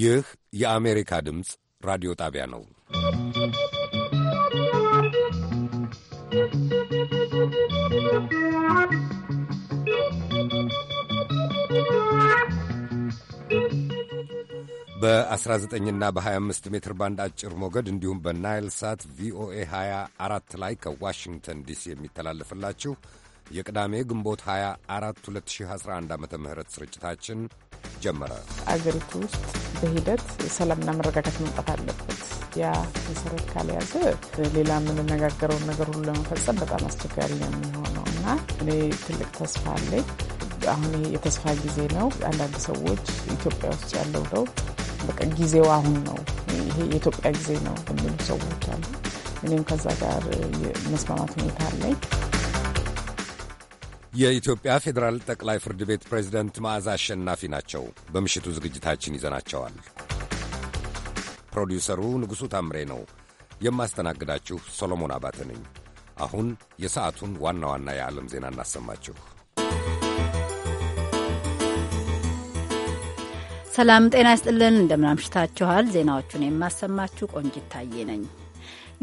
ይህ የአሜሪካ ድምፅ ራዲዮ ጣቢያ ነው። በ19ና በ25 ሜትር ባንድ አጭር ሞገድ እንዲሁም በናይል ሳት ቪኦኤ 24 ላይ ከዋሽንግተን ዲሲ የሚተላለፍላችሁ የቅዳሜ ግንቦት 24 2011 ዓ ም ስርጭታችን ጀመረ። አገሪቱ ውስጥ በሂደት ሰላምና መረጋጋት መምጣት አለበት። ያ መሰረት ካልያዘ ሌላ የምንነጋገረውን ነገር ሁሉ ለመፈጸም በጣም አስቸጋሪ ነው የሚሆነው እና እኔ ትልቅ ተስፋ አለኝ። አሁን የተስፋ ጊዜ ነው። አንዳንድ ሰዎች ኢትዮጵያ ውስጥ ያለው ደው በቃ ጊዜው አሁን ነው፣ ይሄ የኢትዮጵያ ጊዜ ነው የሚሉ ሰዎች አሉ። እኔም ከዛ ጋር መስማማት ሁኔታ አለኝ። የኢትዮጵያ ፌዴራል ጠቅላይ ፍርድ ቤት ፕሬዝደንት መዓዛ አሸናፊ ናቸው። በምሽቱ ዝግጅታችን ይዘናቸዋል። ፕሮዲውሰሩ ንጉሡ ታምሬ ነው። የማስተናግዳችሁ ሶሎሞን አባተ ነኝ። አሁን የሰዓቱን ዋና ዋና የዓለም ዜና እናሰማችሁ። ሰላም ጤና ይስጥልን። እንደምናምሽታችኋል። ዜናዎቹን የማሰማችሁ ቆንጂት ታዬ ነኝ።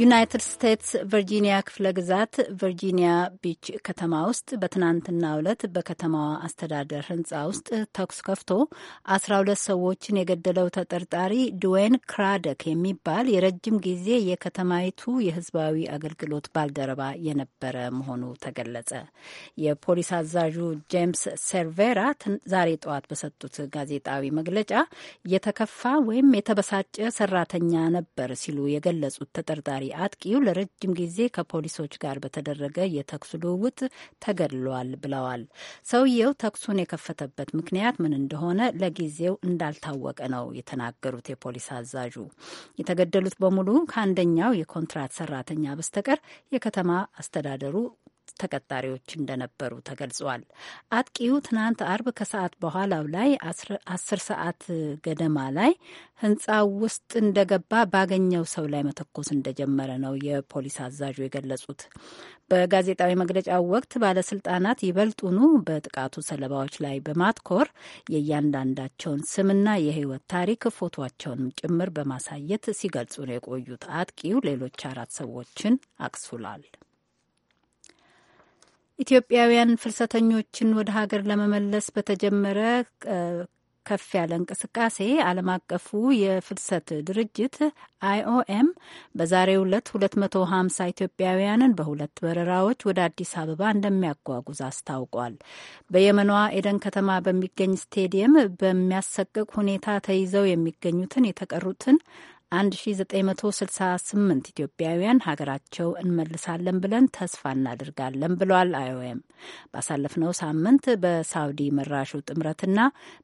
ዩናይትድ ስቴትስ ቨርጂኒያ ክፍለ ግዛት ቨርጂኒያ ቢች ከተማ ውስጥ በትናንትና ዕለት በከተማዋ አስተዳደር ህንፃ ውስጥ ተኩስ ከፍቶ አስራ ሁለት ሰዎችን የገደለው ተጠርጣሪ ድዌን ክራደክ የሚባል የረጅም ጊዜ የከተማይቱ የህዝባዊ አገልግሎት ባልደረባ የነበረ መሆኑ ተገለጸ። የፖሊስ አዛዡ ጄምስ ሰርቬራ ዛሬ ጠዋት በሰጡት ጋዜጣዊ መግለጫ የተከፋ ወይም የተበሳጨ ሰራተኛ ነበር ሲሉ የገለጹት ተጠርጣሪ አጥቂው ለረጅም ጊዜ ከፖሊሶች ጋር በተደረገ የተኩስ ልውውጥ ተገድሏል ብለዋል። ሰውየው ተኩሱን የከፈተበት ምክንያት ምን እንደሆነ ለጊዜው እንዳልታወቀ ነው የተናገሩት የፖሊስ አዛዡ። የተገደሉት በሙሉ ከአንደኛው የኮንትራት ሰራተኛ በስተቀር የከተማ አስተዳደሩ ተቀጣሪዎች እንደነበሩ ተገልጿል። አጥቂው ትናንት አርብ ከሰዓት በኋላው ላይ አስር ሰዓት ገደማ ላይ ህንፃው ውስጥ እንደገባ ባገኘው ሰው ላይ መተኮስ እንደጀመረ ነው የፖሊስ አዛዡ የገለጹት። በጋዜጣዊ መግለጫው ወቅት ባለስልጣናት ይበልጡኑ በጥቃቱ ሰለባዎች ላይ በማትኮር የእያንዳንዳቸውን ስምና የህይወት ታሪክ ፎቶቸውንም ጭምር በማሳየት ሲገልጹ ነው የቆዩት። አጥቂው ሌሎች አራት ሰዎችን አቅሱላል። ኢትዮጵያውያን ፍልሰተኞችን ወደ ሀገር ለመመለስ በተጀመረ ከፍ ያለ እንቅስቃሴ ዓለም አቀፉ የፍልሰት ድርጅት አይኦኤም በዛሬው ዕለት 250 ኢትዮጵያውያንን በሁለት በረራዎች ወደ አዲስ አበባ እንደሚያጓጉዝ አስታውቋል። በየመኗ ኤደን ከተማ በሚገኝ ስቴዲየም በሚያሰቅቅ ሁኔታ ተይዘው የሚገኙትን የተቀሩትን 1968 ኢትዮጵያውያን ሀገራቸው እንመልሳለን ብለን ተስፋ እናደርጋለን ብሏል። አይኦኤም ባሳለፍነው ሳምንት በሳውዲ መራሹ ጥምረትና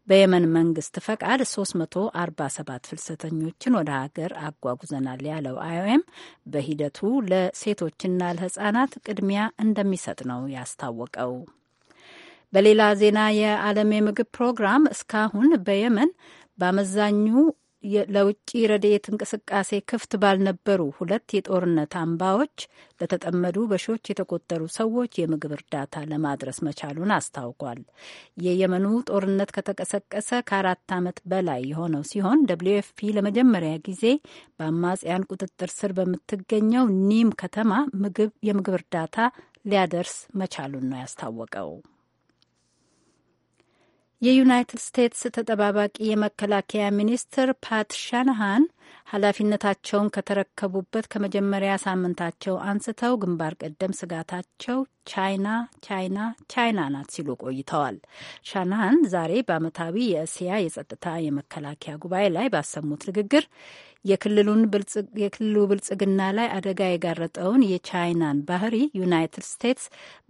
በየመን መንግስት ፈቃድ 347 ፍልሰተኞችን ወደ ሀገር አጓጉዘናል ያለው አይኦኤም በሂደቱ ለሴቶችና ለህጻናት ቅድሚያ እንደሚሰጥ ነው ያስታወቀው። በሌላ ዜና የዓለም የምግብ ፕሮግራም እስካሁን በየመን በአመዛኙ ለውጭ ረድኤት እንቅስቃሴ ክፍት ባልነበሩ ሁለት የጦርነት አምባዎች ለተጠመዱ በሺዎች የተቆጠሩ ሰዎች የምግብ እርዳታ ለማድረስ መቻሉን አስታውቋል። የየመኑ ጦርነት ከተቀሰቀሰ ከአራት ዓመት በላይ የሆነው ሲሆን ደብሊው ኤፍ ፒ ለመጀመሪያ ጊዜ በአማጽያን ቁጥጥር ስር በምትገኘው ኒም ከተማ ምግብ የምግብ እርዳታ ሊያደርስ መቻሉን ነው ያስታወቀው። የዩናይትድ ስቴትስ ተጠባባቂ የመከላከያ ሚኒስትር ፓት ሻንሃን ኃላፊነታቸውን ከተረከቡበት ከመጀመሪያ ሳምንታቸው አንስተው ግንባር ቀደም ስጋታቸው ቻይና ቻይና ቻይና ናት ሲሉ ቆይተዋል። ሻናሃን ዛሬ በዓመታዊ የእስያ የጸጥታ የመከላከያ ጉባኤ ላይ ባሰሙት ንግግር የክልሉ ብልጽግና ላይ አደጋ የጋረጠውን የቻይናን ባህሪ ዩናይትድ ስቴትስ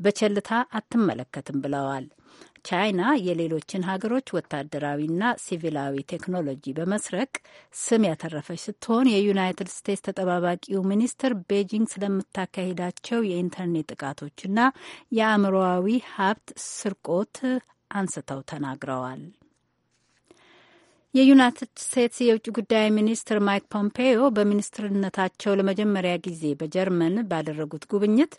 በቸልታ አትመለከትም ብለዋል። ቻይና የሌሎችን ሀገሮች ወታደራዊና ሲቪላዊ ቴክኖሎጂ በመስረቅ ስም ያተረፈች ስትሆን የዩናይትድ ስቴትስ ተጠባባቂው ሚኒስትር ቤጂንግ ስለምታካሂዳቸው የኢንተርኔት ጥቃቶችና የአእምሮዊ ሀብት ስርቆት አንስተው ተናግረዋል። የዩናይትድ ስቴትስ የውጭ ጉዳይ ሚኒስትር ማይክ ፖምፔዮ በሚኒስትርነታቸው ለመጀመሪያ ጊዜ በጀርመን ባደረጉት ጉብኝት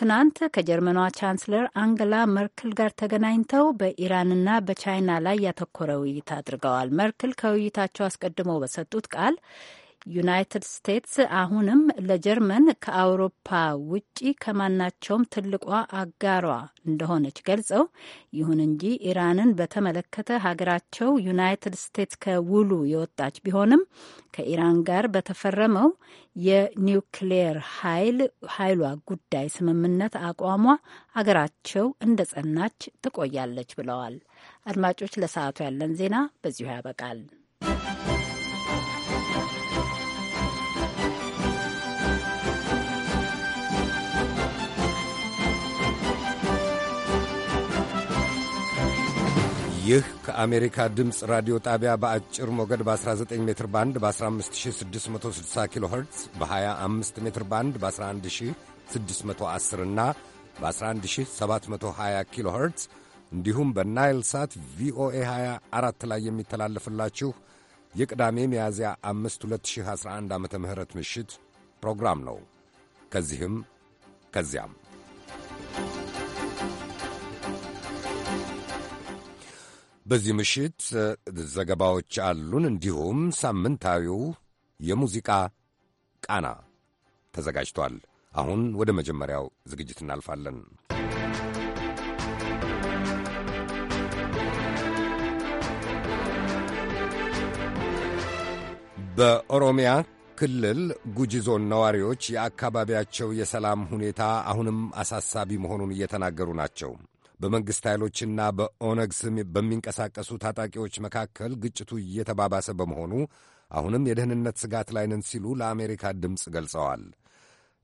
ትናንት ከጀርመኗ ቻንስለር አንገላ መርክል ጋር ተገናኝተው በኢራንና በቻይና ላይ ያተኮረ ውይይት አድርገዋል። መርክል ከውይይታቸው አስቀድሞ በሰጡት ቃል ዩናይትድ ስቴትስ አሁንም ለጀርመን ከአውሮፓ ውጪ ከማናቸውም ትልቋ አጋሯ እንደሆነች ገልጸው፣ ይሁን እንጂ ኢራንን በተመለከተ ሀገራቸው ዩናይትድ ስቴትስ ከውሉ የወጣች ቢሆንም ከኢራን ጋር በተፈረመው የኒውክሌየር ኃይል ኃይሏ ጉዳይ ስምምነት አቋሟ ሀገራቸው እንደ ጸናች ትቆያለች ብለዋል። አድማጮች፣ ለሰዓቱ ያለን ዜና በዚሁ ያበቃል። ይህ ከአሜሪካ ድምፅ ራዲዮ ጣቢያ በአጭር ሞገድ በ19 ሜትር ባንድ በ15660 ኪሎ ኸርትዝ በ25 ሜትር ባንድ በ11610 እና በ11720 ኪሎ ኸርትዝ እንዲሁም በናይል ሳት ቪኦኤ 24 ላይ የሚተላለፍላችሁ የቅዳሜ ሚያዝያ 5 2011 ዓ ም ምሽት ፕሮግራም ነው። ከዚህም ከዚያም በዚህ ምሽት ዘገባዎች አሉን። እንዲሁም ሳምንታዊው የሙዚቃ ቃና ተዘጋጅቷል። አሁን ወደ መጀመሪያው ዝግጅት እናልፋለን። በኦሮሚያ ክልል ጉጂ ዞን ነዋሪዎች የአካባቢያቸው የሰላም ሁኔታ አሁንም አሳሳቢ መሆኑን እየተናገሩ ናቸው። በመንግሥት ኃይሎችና በኦነግ ስም በሚንቀሳቀሱ ታጣቂዎች መካከል ግጭቱ እየተባባሰ በመሆኑ አሁንም የደህንነት ስጋት ላይ ነን ሲሉ ለአሜሪካ ድምፅ ገልጸዋል።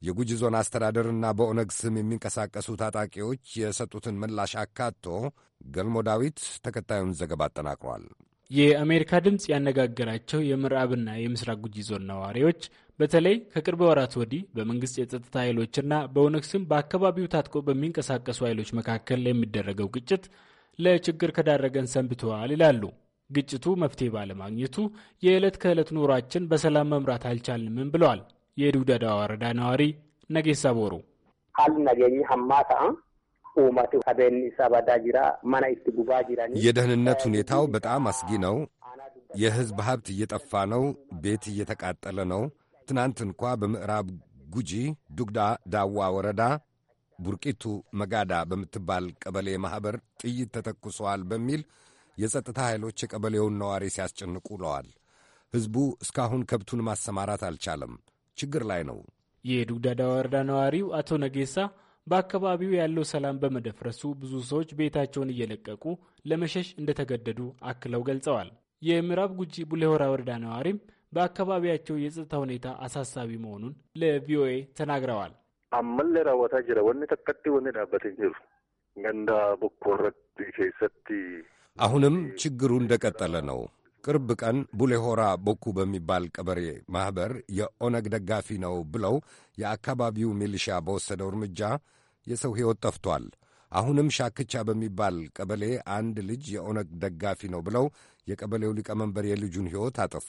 የጉጂ ዞን አስተዳደርና በኦነግ ስም የሚንቀሳቀሱ ታጣቂዎች የሰጡትን ምላሽ አካቶ ገልሞ ዳዊት ተከታዩን ዘገባ አጠናቅሯል። የአሜሪካ ድምፅ ያነጋገራቸው የምዕራብና የምስራቅ ጉጂ ዞን ነዋሪዎች በተለይ ከቅርብ ወራት ወዲህ በመንግስት የጸጥታ ኃይሎችና በኦነግ ስም በአካባቢው ታጥቆ በሚንቀሳቀሱ ኃይሎች መካከል የሚደረገው ግጭት ለችግር ከዳረገን ሰንብተዋል ይላሉ። ግጭቱ መፍትሄ ባለማግኘቱ የዕለት ከዕለት ኑሯችን በሰላም መምራት አልቻልንም ብለዋል የዱዳዳ ወረዳ ነዋሪ ነጌሳ ቦሩ። የደህንነት ሁኔታው በጣም አስጊ ነው። የህዝብ ሀብት እየጠፋ ነው። ቤት እየተቃጠለ ነው። ትናንት እንኳ በምዕራብ ጉጂ ዱግዳ ዳዋ ወረዳ ቡርቂቱ መጋዳ በምትባል ቀበሌ ማኅበር ጥይት ተተኩሰዋል በሚል የጸጥታ ኃይሎች የቀበሌውን ነዋሪ ሲያስጨንቁ ውለዋል። ሕዝቡ እስካሁን ከብቱን ማሰማራት አልቻለም፣ ችግር ላይ ነው። የዱግዳዳ ወረዳ ነዋሪው አቶ ነጌሳ በአካባቢው ያለው ሰላም በመደፍረሱ ብዙ ሰዎች ቤታቸውን እየለቀቁ ለመሸሽ እንደተገደዱ አክለው ገልጸዋል። የምዕራብ ጉጂ ቡሌሆራ ወረዳ ነዋሪም በአካባቢያቸው የጸጥታ ሁኔታ አሳሳቢ መሆኑን ለቪኦኤ ተናግረዋል። አመለ ራወታ ጅረ ወኒ ተቀጥ ወኒ ዳበት ጅሩ ገንዳ ቦኮረት ሰቲ አሁንም ችግሩ እንደቀጠለ ነው። ቅርብ ቀን ቡሌሆራ ቦኩ በሚባል ቀበሬ ማኅበር የኦነግ ደጋፊ ነው ብለው የአካባቢው ሚሊሻ በወሰደው እርምጃ የሰው ሕይወት ጠፍቷል። አሁንም ሻክቻ በሚባል ቀበሌ አንድ ልጅ የኦነግ ደጋፊ ነው ብለው የቀበሌው ሊቀመንበር የልጁን ሕይወት አጠፉ።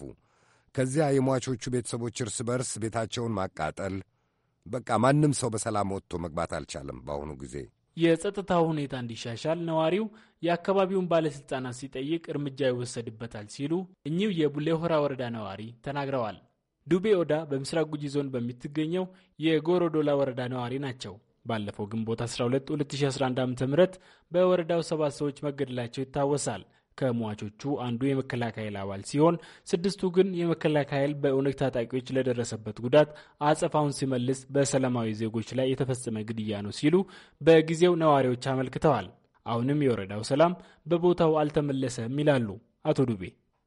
ከዚያ የሟቾቹ ቤተሰቦች እርስ በርስ ቤታቸውን ማቃጠል፣ በቃ ማንም ሰው በሰላም ወጥቶ መግባት አልቻለም። በአሁኑ ጊዜ የጸጥታው ሁኔታ እንዲሻሻል ነዋሪው የአካባቢውን ባለሥልጣናት ሲጠይቅ እርምጃ ይወሰድበታል ሲሉ እኚሁ የቡሌሆራ ወረዳ ነዋሪ ተናግረዋል። ዱቤ ኦዳ በምስራቅ ጉጂ ዞን በሚትገኘው የጎሮዶላ ወረዳ ነዋሪ ናቸው። ባለፈው ግንቦት 12 2011 ዓ ም በወረዳው ሰባት ሰዎች መገደላቸው ይታወሳል። ከሟቾቹ አንዱ የመከላከያ ኃይል አባል ሲሆን ስድስቱ ግን የመከላከያ ኃይል በኦነግ ታጣቂዎች ለደረሰበት ጉዳት አጸፋውን ሲመልስ በሰላማዊ ዜጎች ላይ የተፈጸመ ግድያ ነው ሲሉ በጊዜው ነዋሪዎች አመልክተዋል። አሁንም የወረዳው ሰላም በቦታው አልተመለሰም ይላሉ አቶ ዱቤ።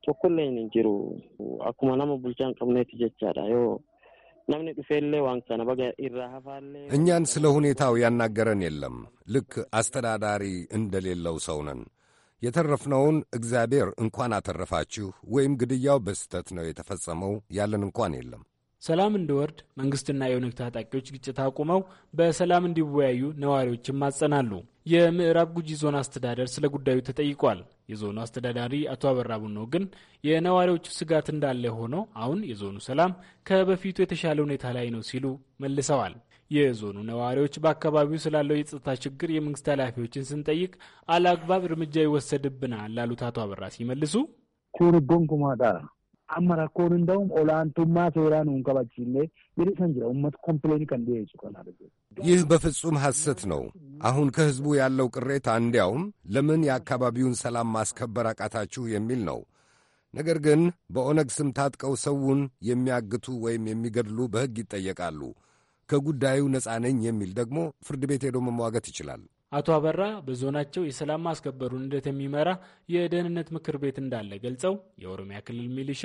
ቶኮለይን እንጅሩ አኩማናማ ቡልቻን ቀብነት ጀቻዳ እኛን ስለ ሁኔታው ያናገረን የለም። ልክ አስተዳዳሪ እንደሌለው ሰው ነን። የተረፍነውን እግዚአብሔር እንኳን አተረፋችሁ ወይም ግድያው በስህተት ነው የተፈጸመው ያለን እንኳን የለም። ሰላም እንዲወርድ መንግስትና የኦነግ ታጣቂዎች ግጭት አቁመው በሰላም እንዲወያዩ ነዋሪዎችም ማጸናሉ። የምዕራብ ጉጂ ዞን አስተዳደር ስለ ጉዳዩ ተጠይቋል። የዞኑ አስተዳዳሪ አቶ አበራ ቡኖ ግን የነዋሪዎቹ ስጋት እንዳለ ሆኖ አሁን የዞኑ ሰላም ከበፊቱ የተሻለ ሁኔታ ላይ ነው ሲሉ መልሰዋል። የዞኑ ነዋሪዎች በአካባቢው ስላለው የጸጥታ ችግር የመንግስት ኃላፊዎችን ስንጠይቅ አላግባብ እርምጃ ይወሰድብናል ላሉት አቶ አበራ ሲመልሱ ኩን ቦንኩማዳ አመራ ኮን እንደውም ኦላንቱማ ሴራን ንቀባችሌ የሪሰን ጅራ ውመት ኮምፕሌን ከንዲ ይጭቆናል። ይህ በፍጹም ሐሰት ነው። አሁን ከሕዝቡ ያለው ቅሬታ እንዲያውም ለምን የአካባቢውን ሰላም ማስከበር አቃታችሁ የሚል ነው። ነገር ግን በኦነግ ስም ታጥቀው ሰውን የሚያግቱ ወይም የሚገድሉ በሕግ ይጠየቃሉ። ከጉዳዩ ነፃ ነኝ የሚል ደግሞ ፍርድ ቤት ሄዶ መሟገት ይችላል። አቶ አበራ በዞናቸው የሰላም ማስከበሩን ሂደት የሚመራ የደህንነት ምክር ቤት እንዳለ ገልጸው የኦሮሚያ ክልል ሚሊሻ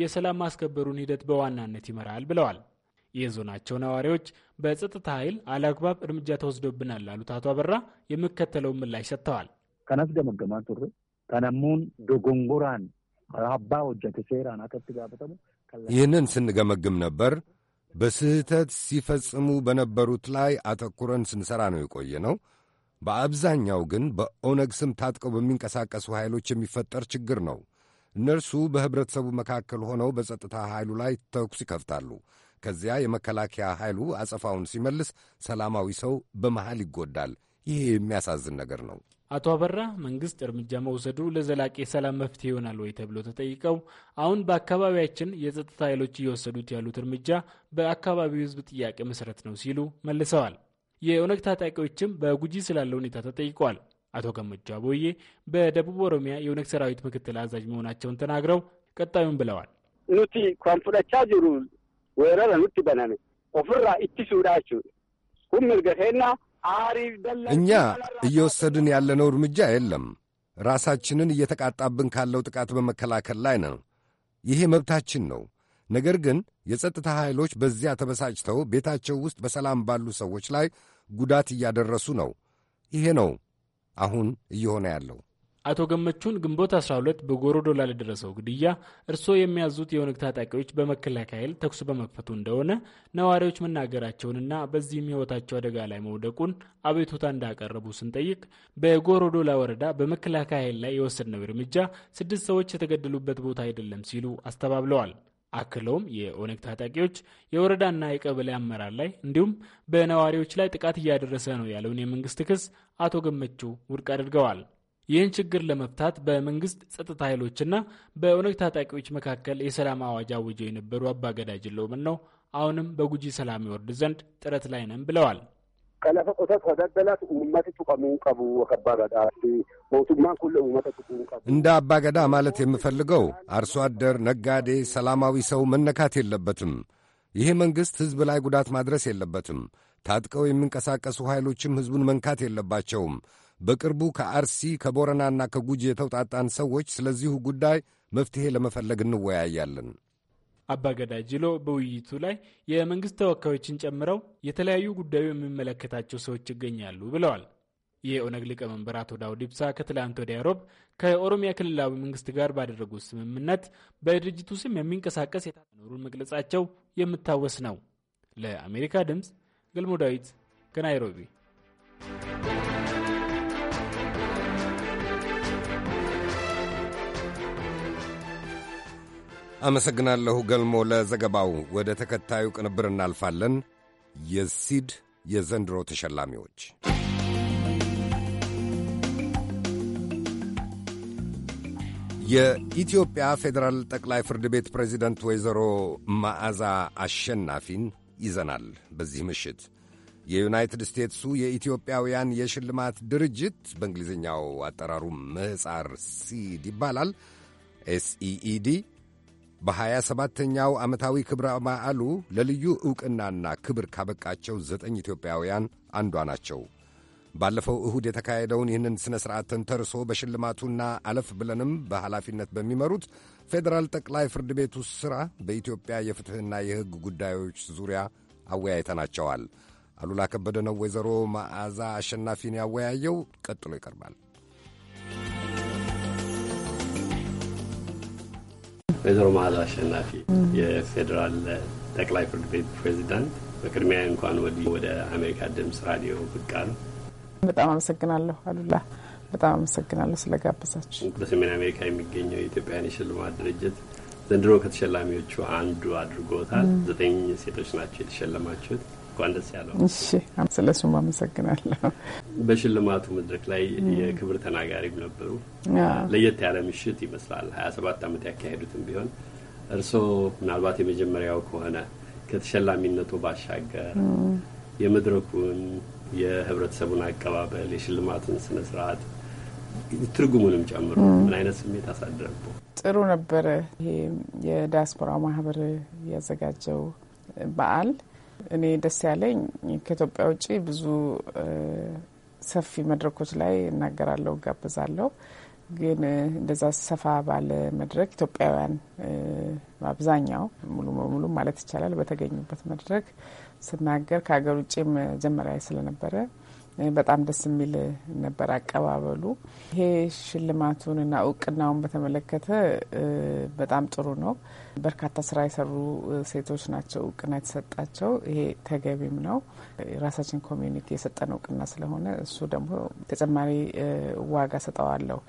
የሰላም ማስከበሩን ሂደት በዋናነት ይመራል ብለዋል። የዞናቸው ነዋሪዎች በጸጥታ ኃይል አላግባብ እርምጃ ተወስዶብናል ላሉት አቶ አበራ የሚከተለውን ምላሽ ሰጥተዋል። ከነስ ደመገማ ቱር ከነሙን ዶጎንጎራን አባ ሴራን ይህንን ስንገመግም ነበር በስህተት ሲፈጽሙ በነበሩት ላይ አተኩረን ስንሠራ ነው የቆየ ነው። በአብዛኛው ግን በኦነግ ስም ታጥቀው በሚንቀሳቀሱ ኃይሎች የሚፈጠር ችግር ነው። እነርሱ በኅብረተሰቡ መካከል ሆነው በጸጥታ ኃይሉ ላይ ተኩስ ይከፍታሉ። ከዚያ የመከላከያ ኃይሉ አጸፋውን ሲመልስ፣ ሰላማዊ ሰው በመሃል ይጎዳል። ይሄ የሚያሳዝን ነገር ነው። አቶ አበራ መንግስት እርምጃ መውሰዱ ለዘላቂ ሰላም መፍትሄ ይሆናል ወይ ተብሎ ተጠይቀው አሁን በአካባቢያችን የጸጥታ ኃይሎች እየወሰዱት ያሉት እርምጃ በአካባቢው ህዝብ ጥያቄ መሰረት ነው ሲሉ መልሰዋል። የኦነግ ታጣቂዎችም በጉጂ ስላለ ሁኔታ ተጠይቀዋል። አቶ ገመቹ አቦዬ በደቡብ ኦሮሚያ የኦነግ ሰራዊት ምክትል አዛዥ መሆናቸውን ተናግረው ቀጣዩን ብለዋል። ኑቲ ኮንፍለቻ ጅሩ ወረረ ኑቲ በነነ ኦፍራ ኢትሱዳችሁ ሁምል እኛ እየወሰድን ያለነው እርምጃ የለም። ራሳችንን እየተቃጣብን ካለው ጥቃት በመከላከል ላይ ነው። ይሄ መብታችን ነው። ነገር ግን የጸጥታ ኃይሎች በዚያ ተበሳጭተው ቤታቸው ውስጥ በሰላም ባሉ ሰዎች ላይ ጉዳት እያደረሱ ነው። ይሄ ነው አሁን እየሆነ ያለው። አቶ ገመቹን ግንቦት 12 በጎሮዶላ ለደረሰው ግድያ እርስዎ የሚያዙት የኦነግ ታጣቂዎች በመከላከያ ኃይል ተኩስ በመክፈቱ እንደሆነ ነዋሪዎች መናገራቸውንና በዚህም ሕይወታቸው አደጋ ላይ መውደቁን አቤቱታ እንዳቀረቡ ስንጠይቅ በጎሮዶላ ወረዳ በመከላከያ ኃይል ላይ የወሰድነው እርምጃ ስድስት ሰዎች የተገደሉበት ቦታ አይደለም ሲሉ አስተባብለዋል። አክለውም የኦነግ ታጣቂዎች የወረዳና የቀበሌ አመራር ላይ እንዲሁም በነዋሪዎች ላይ ጥቃት እያደረሰ ነው ያለውን የመንግስት ክስ አቶ ገመቹ ውድቅ አድርገዋል። ይህን ችግር ለመፍታት በመንግስት ጸጥታ ኃይሎችና በኦነግ ታጣቂዎች መካከል የሰላም አዋጅ አውጀው የነበሩ አባገዳጅ ለውምን ነው አሁንም በጉጂ ሰላም ይወርድ ዘንድ ጥረት ላይ ነን ብለዋል። ቀለፈ ቆሰት ከደደላት ኡመት ጩቀሙን ቀቡ ወከባገዳ ሞቱማን ኩለ ኡመት ጩቁን ቀቡ እንደ አባገዳ ማለት የምፈልገው አርሶ አደር፣ ነጋዴ፣ ሰላማዊ ሰው መነካት የለበትም። ይሄ መንግሥት ሕዝብ ላይ ጉዳት ማድረስ የለበትም። ታጥቀው የሚንቀሳቀሱ ኃይሎችም ሕዝቡን መንካት የለባቸውም። በቅርቡ ከአርሲ ከቦረናና ከጉጂ የተውጣጣን ሰዎች ስለዚሁ ጉዳይ መፍትሄ ለመፈለግ እንወያያለን። አባገዳ ጅሎ በውይይቱ ላይ የመንግሥት ተወካዮችን ጨምረው የተለያዩ ጉዳዩ የሚመለከታቸው ሰዎች ይገኛሉ ብለዋል። የኦነግ ሊቀመንበር አቶ ዳውድ ኢብሳ ከትላንት ወዲያ ሮብ ከኦሮሚያ ክልላዊ መንግስት ጋር ባደረጉት ስምምነት በድርጅቱ ስም የሚንቀሳቀስ የታኖሩን መግለጻቸው የምታወስ ነው። ለአሜሪካ ድምፅ ገልሞ ዳዊት ከናይሮቢ አመሰግናለሁ ገልሞ ለዘገባው። ወደ ተከታዩ ቅንብር እናልፋለን። የሲድ የዘንድሮ ተሸላሚዎች የኢትዮጵያ ፌዴራል ጠቅላይ ፍርድ ቤት ፕሬዚደንት ወይዘሮ መዓዛ አሸናፊን ይዘናል። በዚህ ምሽት የዩናይትድ ስቴትሱ የኢትዮጵያውያን የሽልማት ድርጅት በእንግሊዝኛው አጠራሩ ምሕፃር ሲድ ይባላል ኤስኢኢዲ በሀያ ሰባተኛው ዓመታዊ ክብረ በዓሉ ለልዩ ዕውቅናና ክብር ካበቃቸው ዘጠኝ ኢትዮጵያውያን አንዷ ናቸው። ባለፈው እሁድ የተካሄደውን ይህንን ሥነ ሥርዓት ተንተርሶ በሽልማቱና አለፍ ብለንም በኃላፊነት በሚመሩት ፌዴራል ጠቅላይ ፍርድ ቤቱ ሥራ በኢትዮጵያ የፍትሕና የሕግ ጉዳዮች ዙሪያ አወያይተናቸዋል። አሉላ ከበደ ነው ወይዘሮ መዓዛ አሸናፊን ያወያየው። ቀጥሎ ይቀርባል። ወይዘሮ መዓዛ አሸናፊ የፌዴራል ጠቅላይ ፍርድ ቤት ፕሬዚዳንት፣ በቅድሚያ እንኳን ወዲህ ወደ አሜሪካ ድምጽ ራዲዮ ብቅ አሉ። በጣም አመሰግናለሁ አሉላ። በጣም አመሰግናለሁ ስለጋበዛችሁ። በሰሜን አሜሪካ የሚገኘው የኢትዮጵያን የሽልማት ድርጅት ዘንድሮ ከተሸላሚዎቹ አንዱ አድርጎታል። ዘጠኝ ሴቶች ናቸው የተሸለማችሁት። እንኳን ደስ ያለው። እሺ ስለሱም አመሰግናለሁ። በሽልማቱ መድረክ ላይ የክብር ተናጋሪም ነበሩ። ለየት ያለ ምሽት ይመስላል። ሀያ ሰባት ዓመት ያካሄዱትም ቢሆን እርስዎ ምናልባት የመጀመሪያው ከሆነ ከተሸላሚነቱ ባሻገር የመድረኩን የህብረተሰቡን አቀባበል የሽልማቱን ስነ ስርዓት ትርጉሙንም ጨምሮ ምን አይነት ስሜት አሳደረቦ? ጥሩ ነበረ። ይሄ የዲያስፖራ ማህበር ያዘጋጀው በዓል እኔ ደስ ያለኝ ከኢትዮጵያ ውጭ ብዙ ሰፊ መድረኮች ላይ እናገራለሁ፣ ጋብዛለሁ። ግን እንደዛ ሰፋ ባለ መድረክ ኢትዮጵያውያን አብዛኛው ሙሉ በሙሉ ማለት ይቻላል በተገኙበት መድረክ ስናገር ከሀገር ውጭ መጀመሪያ ስለነበረ በጣም ደስ የሚል ነበር አቀባበሉ። ይሄ ሽልማቱን ና እውቅናውን በተመለከተ በጣም ጥሩ ነው። በርካታ ስራ የሰሩ ሴቶች ናቸው እውቅና የተሰጣቸው። ይሄ ተገቢም ነው። የራሳችን ኮሚዩኒቲ የሰጠን እውቅና ስለሆነ እሱ ደግሞ ተጨማሪ ዋጋ ሰጠዋለሁ።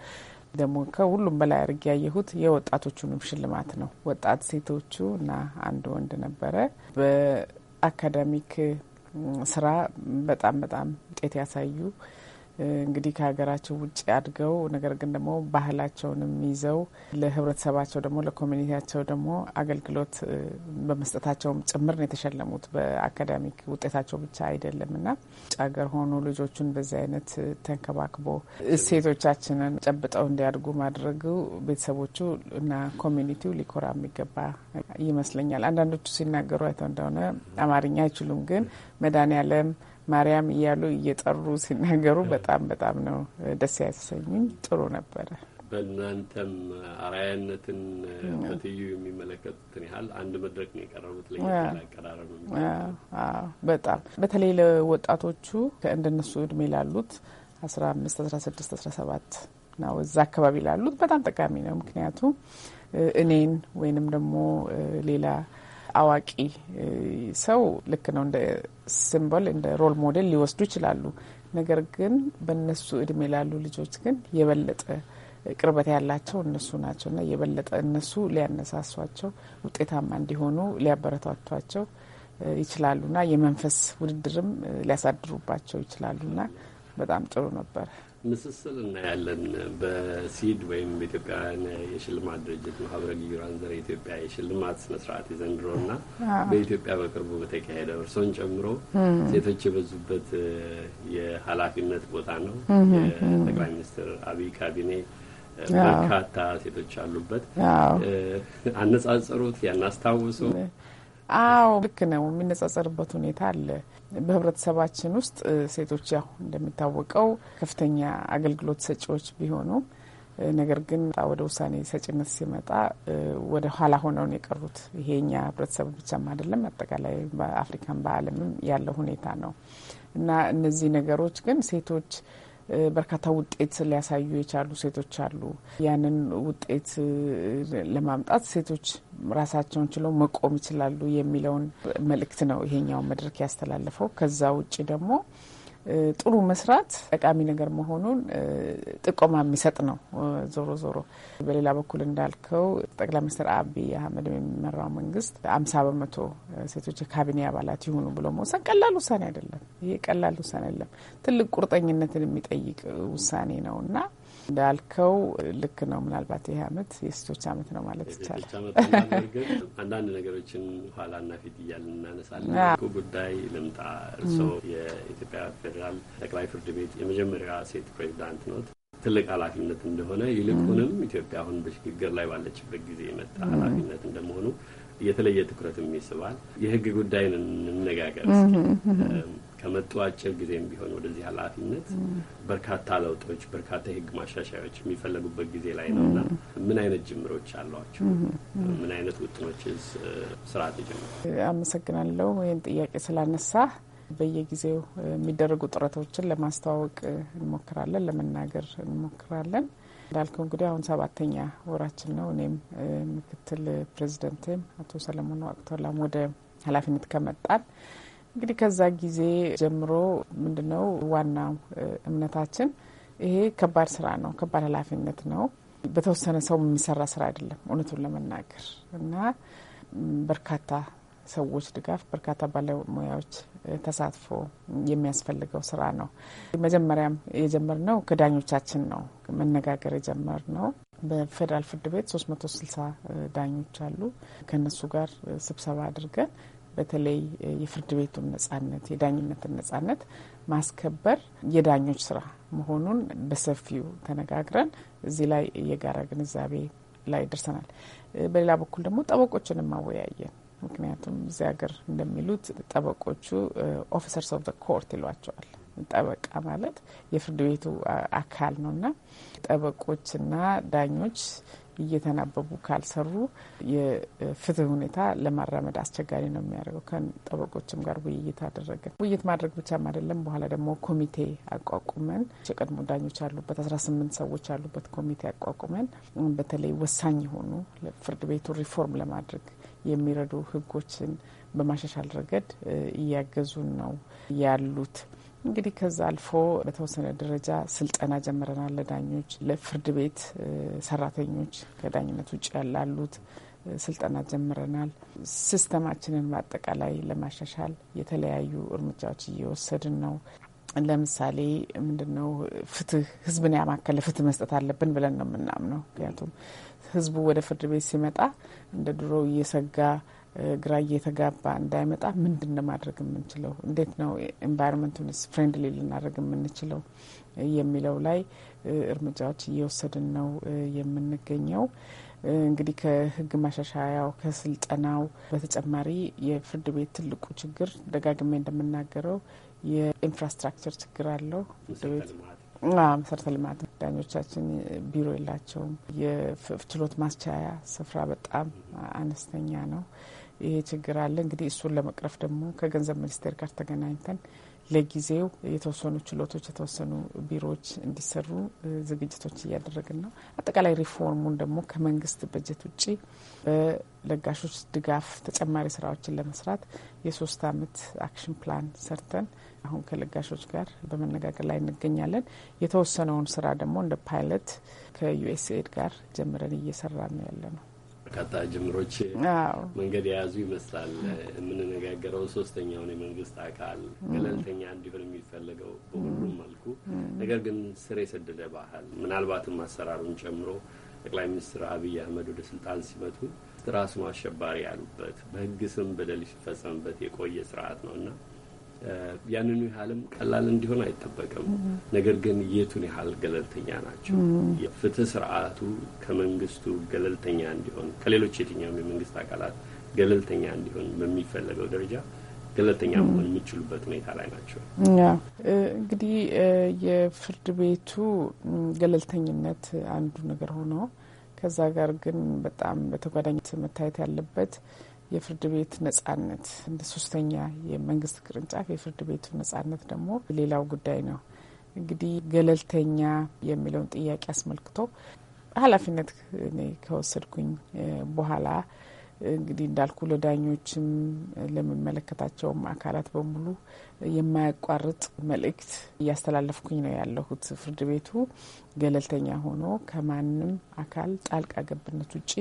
ደግሞ ከሁሉም በላይ አድርጌ ያየሁት የወጣቶቹንም ሽልማት ነው። ወጣት ሴቶቹ እና አንድ ወንድ ነበረ በአካዳሚክ ስራ በጣም በጣም ውጤት ያሳዩ እንግዲህ ከሀገራቸው ውጭ አድገው ነገር ግን ደግሞ ባህላቸውንም ይዘው ለህብረተሰባቸው ደግሞ ለኮሚኒቲያቸው ደግሞ አገልግሎት በመስጠታቸውም ጭምር ነው የተሸለሙት። በአካዳሚክ ውጤታቸው ብቻ አይደለም እና ውጭ ሀገር ሆኖ ልጆቹን በዚህ አይነት ተንከባክቦ እሴቶቻችንን ጨብጠው እንዲያድጉ ማድረጉ ቤተሰቦቹ እና ኮሚኒቲው ሊኮራ የሚገባ ይመስለኛል። አንዳንዶቹ ሲናገሩ አይተው እንደሆነ አማርኛ አይችሉም፣ ግን መድኃኔዓለም ማርያም እያሉ እየጠሩ ሲናገሩ በጣም በጣም ነው ደስ ያሰኙኝ። ጥሩ ነበረ። በእናንተም አርአያነትን በትዩ የሚመለከቱትን ያህል አንድ መድረክ ነው የቀረቡት። ለየት አቀራረብ በጣም በተለይ ለወጣቶቹ ከእንደነሱ እድሜ ላሉት አስራ አምስት አስራ ስድስት አስራ ሰባት ነው እዛ አካባቢ ላሉት በጣም ጠቃሚ ነው። ምክንያቱም እኔን ወይንም ደግሞ ሌላ አዋቂ ሰው ልክ ነው እንደ ሲምቦል እንደ ሮል ሞዴል ሊወስዱ ይችላሉ። ነገር ግን በእነሱ እድሜ ላሉ ልጆች ግን የበለጠ ቅርበት ያላቸው እነሱ ናቸው እና የበለጠ እነሱ ሊያነሳሷቸው ውጤታማ እንዲሆኑ ሊያበረታቷቸው ይችላሉና የመንፈስ ውድድርም ሊያሳድሩባቸው ይችላሉና በጣም ጥሩ ነበር። ምስስል እናያለን። በሲድ ወይም በኢትዮጵያውያን የሽልማት ድርጅት ማህበረ ግዩራን ዘረ ኢትዮጵያ የሽልማት ስነስርዓት የዘንድሮ ና በኢትዮጵያ በቅርቡ በተካሄደው እርሶን ጨምሮ ሴቶች የበዙበት የኃላፊነት ቦታ ነው። የጠቅላይ ሚኒስትር አብይ ካቢኔ በርካታ ሴቶች አሉበት። አነጻጸሩት ያናስታውሱ? አዎ ልክ ነው። የሚነጻጸርበት ሁኔታ አለ። በህብረተሰባችን ውስጥ ሴቶች ያው እንደሚታወቀው ከፍተኛ አገልግሎት ሰጪዎች ቢሆኑ ነገር ግን ወደ ውሳኔ ሰጭነት ሲመጣ ወደ ኋላ ሆነውን የቀሩት ይሄኛ ህብረተሰቡ ብቻም አይደለም፣ አጠቃላይ በአፍሪካን በዓለምም ያለው ሁኔታ ነው እና እነዚህ ነገሮች ግን ሴቶች በርካታ ውጤት ሊያሳዩ የቻሉ ሴቶች አሉ። ያንን ውጤት ለማምጣት ሴቶች ራሳቸውን ችለው መቆም ይችላሉ የሚለውን መልእክት ነው ይሄኛውን መድረክ ያስተላለፈው። ከዛ ውጭ ደግሞ ጥሩ መስራት ጠቃሚ ነገር መሆኑን ጥቆማ የሚሰጥ ነው። ዞሮ ዞሮ በሌላ በኩል እንዳልከው ጠቅላይ ሚኒስትር አብይ አህመድ የሚመራው መንግስት አምሳ በመቶ ሴቶች የካቢኔ አባላት ይሁኑ ብሎ መውሰን ቀላል ውሳኔ አይደለም። ይሄ ቀላል ውሳኔ አይደለም። ትልቅ ቁርጠኝነትን የሚጠይቅ ውሳኔ ነው እና እንዳልከው ልክ ነው። ምናልባት ይህ አመት የሴቶች አመት ነው ማለት ይቻላል። አንዳንድ ነገሮችን ኋላና ፊት እያል እናነሳለን። ጉዳይ ልምጣ። እርስዎ የኢትዮጵያ ፌዴራል ጠቅላይ ፍርድ ቤት የመጀመሪያ ሴት ፕሬዚዳንት ኖት። ትልቅ ኃላፊነት እንደሆነ ይልቁንም ኢትዮጵያ አሁን በሽግግር ላይ ባለችበት ጊዜ የመጣ ኃላፊነት እንደመሆኑ የተለየ ትኩረትም ይስባል። የህግ ጉዳይን እንነጋገር ከመጡ አጭር ጊዜም ቢሆን ወደዚህ ኃላፊነት በርካታ ለውጦች፣ በርካታ የህግ ማሻሻያዎች የሚፈለጉበት ጊዜ ላይ ነው እና ምን አይነት ጅምሮች አሏቸው? ምን አይነት ውጥኖች ስርዓት ጀምሩ? አመሰግናለሁ ይህን ጥያቄ ስላነሳ በየጊዜው የሚደረጉ ጥረቶችን ለማስተዋወቅ እንሞክራለን፣ ለመናገር እንሞክራለን። እንዳልከው እንግዲህ አሁን ሰባተኛ ወራችን ነው። እኔም ምክትል ፕሬዚደንትም አቶ ሰለሞን ዋቅቶላም ወደ ኃላፊነት ከመጣን እንግዲህ ከዛ ጊዜ ጀምሮ ምንድነው ዋናው እምነታችን ይሄ ከባድ ስራ ነው፣ ከባድ ኃላፊነት ነው። በተወሰነ ሰው የሚሰራ ስራ አይደለም እውነቱን ለመናገር እና በርካታ ሰዎች ድጋፍ፣ በርካታ ባለሙያዎች ተሳትፎ የሚያስፈልገው ስራ ነው። መጀመሪያም የጀመርነው ከዳኞቻችን ነው መነጋገር የጀመርነው። በፌዴራል ፍርድ ቤት ሶስት መቶ ስልሳ ዳኞች አሉ። ከእነሱ ጋር ስብሰባ አድርገን በተለይ የፍርድ ቤቱን ነጻነት፣ የዳኝነትን ነጻነት ማስከበር የዳኞች ስራ መሆኑን በሰፊው ተነጋግረን እዚህ ላይ የጋራ ግንዛቤ ላይ ደርሰናል። በሌላ በኩል ደግሞ ጠበቆችን ማወያየን ምክንያቱም እዚህ ሀገር እንደሚሉት ጠበቆቹ ኦፊሰርስ ኦፍ ዘ ኮርት ይሏቸዋል። ጠበቃ ማለት የፍርድ ቤቱ አካል ነውና ጠበቆችና ዳኞች እየተናበቡ ካልሰሩ የፍትህ ሁኔታ ለማራመድ አስቸጋሪ ነው የሚያደርገው። ከጠበቆችም ጋር ውይይት አደረገ ውይይት ማድረግ ብቻም አይደለም። በኋላ ደግሞ ኮሚቴ አቋቁመን የቀድሞ ዳኞች ያሉበት አስራ ስምንት ሰዎች ያሉበት ኮሚቴ አቋቁመን በተለይ ወሳኝ የሆኑ ፍርድ ቤቱ ሪፎርም ለማድረግ የሚረዱ ህጎችን በማሻሻል ረገድ እያገዙን ነው ያሉት። እንግዲህ ከዛ አልፎ በተወሰነ ደረጃ ስልጠና ጀምረናል። ለዳኞች፣ ለፍርድ ቤት ሰራተኞች፣ ከዳኝነት ውጭ ያላሉት ስልጠና ጀምረናል። ሲስተማችንን በአጠቃላይ ለማሻሻል የተለያዩ እርምጃዎች እየወሰድን ነው። ለምሳሌ ምንድነው ፍትህ ህዝብን ያማከለ ፍትህ መስጠት አለብን ብለን ነው የምናምነው። ምክንያቱም ህዝቡ ወደ ፍርድ ቤት ሲመጣ እንደ ድሮ እየሰጋ ግራ እየተጋባ እንዳይመጣ ምንድን ነው ማድረግ የምንችለው፣ እንዴት ነው ኤንቫይሮንመንቱን ፍሬንድሊ ልናደርግ የምንችለው የሚለው ላይ እርምጃዎች እየወሰድን ነው የምንገኘው። እንግዲህ ከህግ ማሻሻያው ከስልጠናው በተጨማሪ የፍርድ ቤት ትልቁ ችግር ደጋግሜ እንደምናገረው የኢንፍራስትራክቸር ችግር አለው። ፍርድ ቤት መሰረተ ልማት ዳኞቻችን ቢሮ የላቸውም። የችሎት ማስቻያ ስፍራ በጣም አነስተኛ ነው። ይሄ ችግር አለ። እንግዲህ እሱን ለመቅረፍ ደግሞ ከገንዘብ ሚኒስቴር ጋር ተገናኝተን ለጊዜው የተወሰኑ ችሎቶች የተወሰኑ ቢሮዎች እንዲሰሩ ዝግጅቶች እያደረግን ነው። አጠቃላይ ሪፎርሙን ደግሞ ከመንግስት በጀት ውጭ በለጋሾች ድጋፍ ተጨማሪ ስራዎችን ለመስራት የሶስት አመት አክሽን ፕላን ሰርተን አሁን ከለጋሾች ጋር በመነጋገር ላይ እንገኛለን። የተወሰነውን ስራ ደግሞ እንደ ፓይለት ከዩኤስኤድ ጋር ጀምረን እየሰራ ነው ያለ ነው። በርካታ ጅምሮች መንገድ የያዙ ይመስላል። የምንነጋገረው ሶስተኛውን የመንግስት አካል ገለልተኛ እንዲሆን የሚፈለገው በሁሉም መልኩ፣ ነገር ግን ስር የሰደደ ባህል ምናልባትም አሰራሩን ጨምሮ ጠቅላይ ሚኒስትር አብይ አህመድ ወደ ስልጣን ሲመቱ ራሱን አሸባሪ ያሉበት በህግ ስም በደል ሲፈጸምበት የቆየ ስርዓት ነው እና ያንኑ ያህልም ቀላል እንዲሆን አይጠበቅም። ነገር ግን የቱን ያህል ገለልተኛ ናቸው? የፍትህ ስርዓቱ ከመንግስቱ ገለልተኛ እንዲሆን ከሌሎች የትኛውም የመንግስት አካላት ገለልተኛ እንዲሆን በሚፈለገው ደረጃ ገለልተኛ መሆን የሚችሉበት ሁኔታ ላይ ናቸው። እንግዲህ የፍርድ ቤቱ ገለልተኝነት አንዱ ነገር ሆኖ ከዛ ጋር ግን በጣም በተጓዳኝ መታየት ያለበት የፍርድ ቤት ነጻነት እንደ ሶስተኛ የመንግስት ቅርንጫፍ የፍርድ ቤቱ ነጻነት ደግሞ ሌላው ጉዳይ ነው። እንግዲህ ገለልተኛ የሚለውን ጥያቄ አስመልክቶ ኃላፊነት ከወሰድኩኝ በኋላ እንግዲህ እንዳልኩ ለዳኞችም ለሚመለከታቸውም አካላት በሙሉ የማያቋርጥ መልእክት እያስተላለፍኩኝ ነው ያለሁት። ፍርድ ቤቱ ገለልተኛ ሆኖ ከማንም አካል ጣልቃ ገብነት ውጪ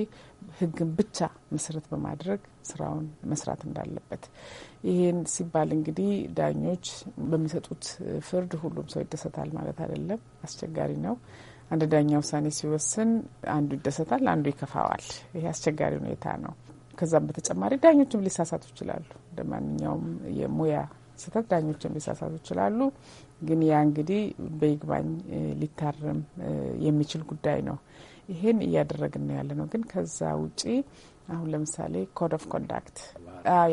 ህግን ብቻ መሰረት በማድረግ ስራውን መስራት እንዳለበት። ይህን ሲባል እንግዲህ ዳኞች በሚሰጡት ፍርድ ሁሉም ሰው ይደሰታል ማለት አይደለም። አስቸጋሪ ነው። አንድ ዳኛ ውሳኔ ሲወስን አንዱ ይደሰታል፣ አንዱ ይከፋዋል። ይሄ አስቸጋሪ ሁኔታ ነው። ከዛም በተጨማሪ ዳኞችም ሊሳሳቱ ይችላሉ። እንደ ማንኛውም የሙያ ስህተት ዳኞችም ሊሳሳቱ ይችላሉ። ግን ያ እንግዲህ በይግባኝ ሊታረም የሚችል ጉዳይ ነው። ይሄን እያደረግን ያለ ነው። ግን ከዛ ውጪ አሁን ለምሳሌ ኮድ ኦፍ ኮንዳክት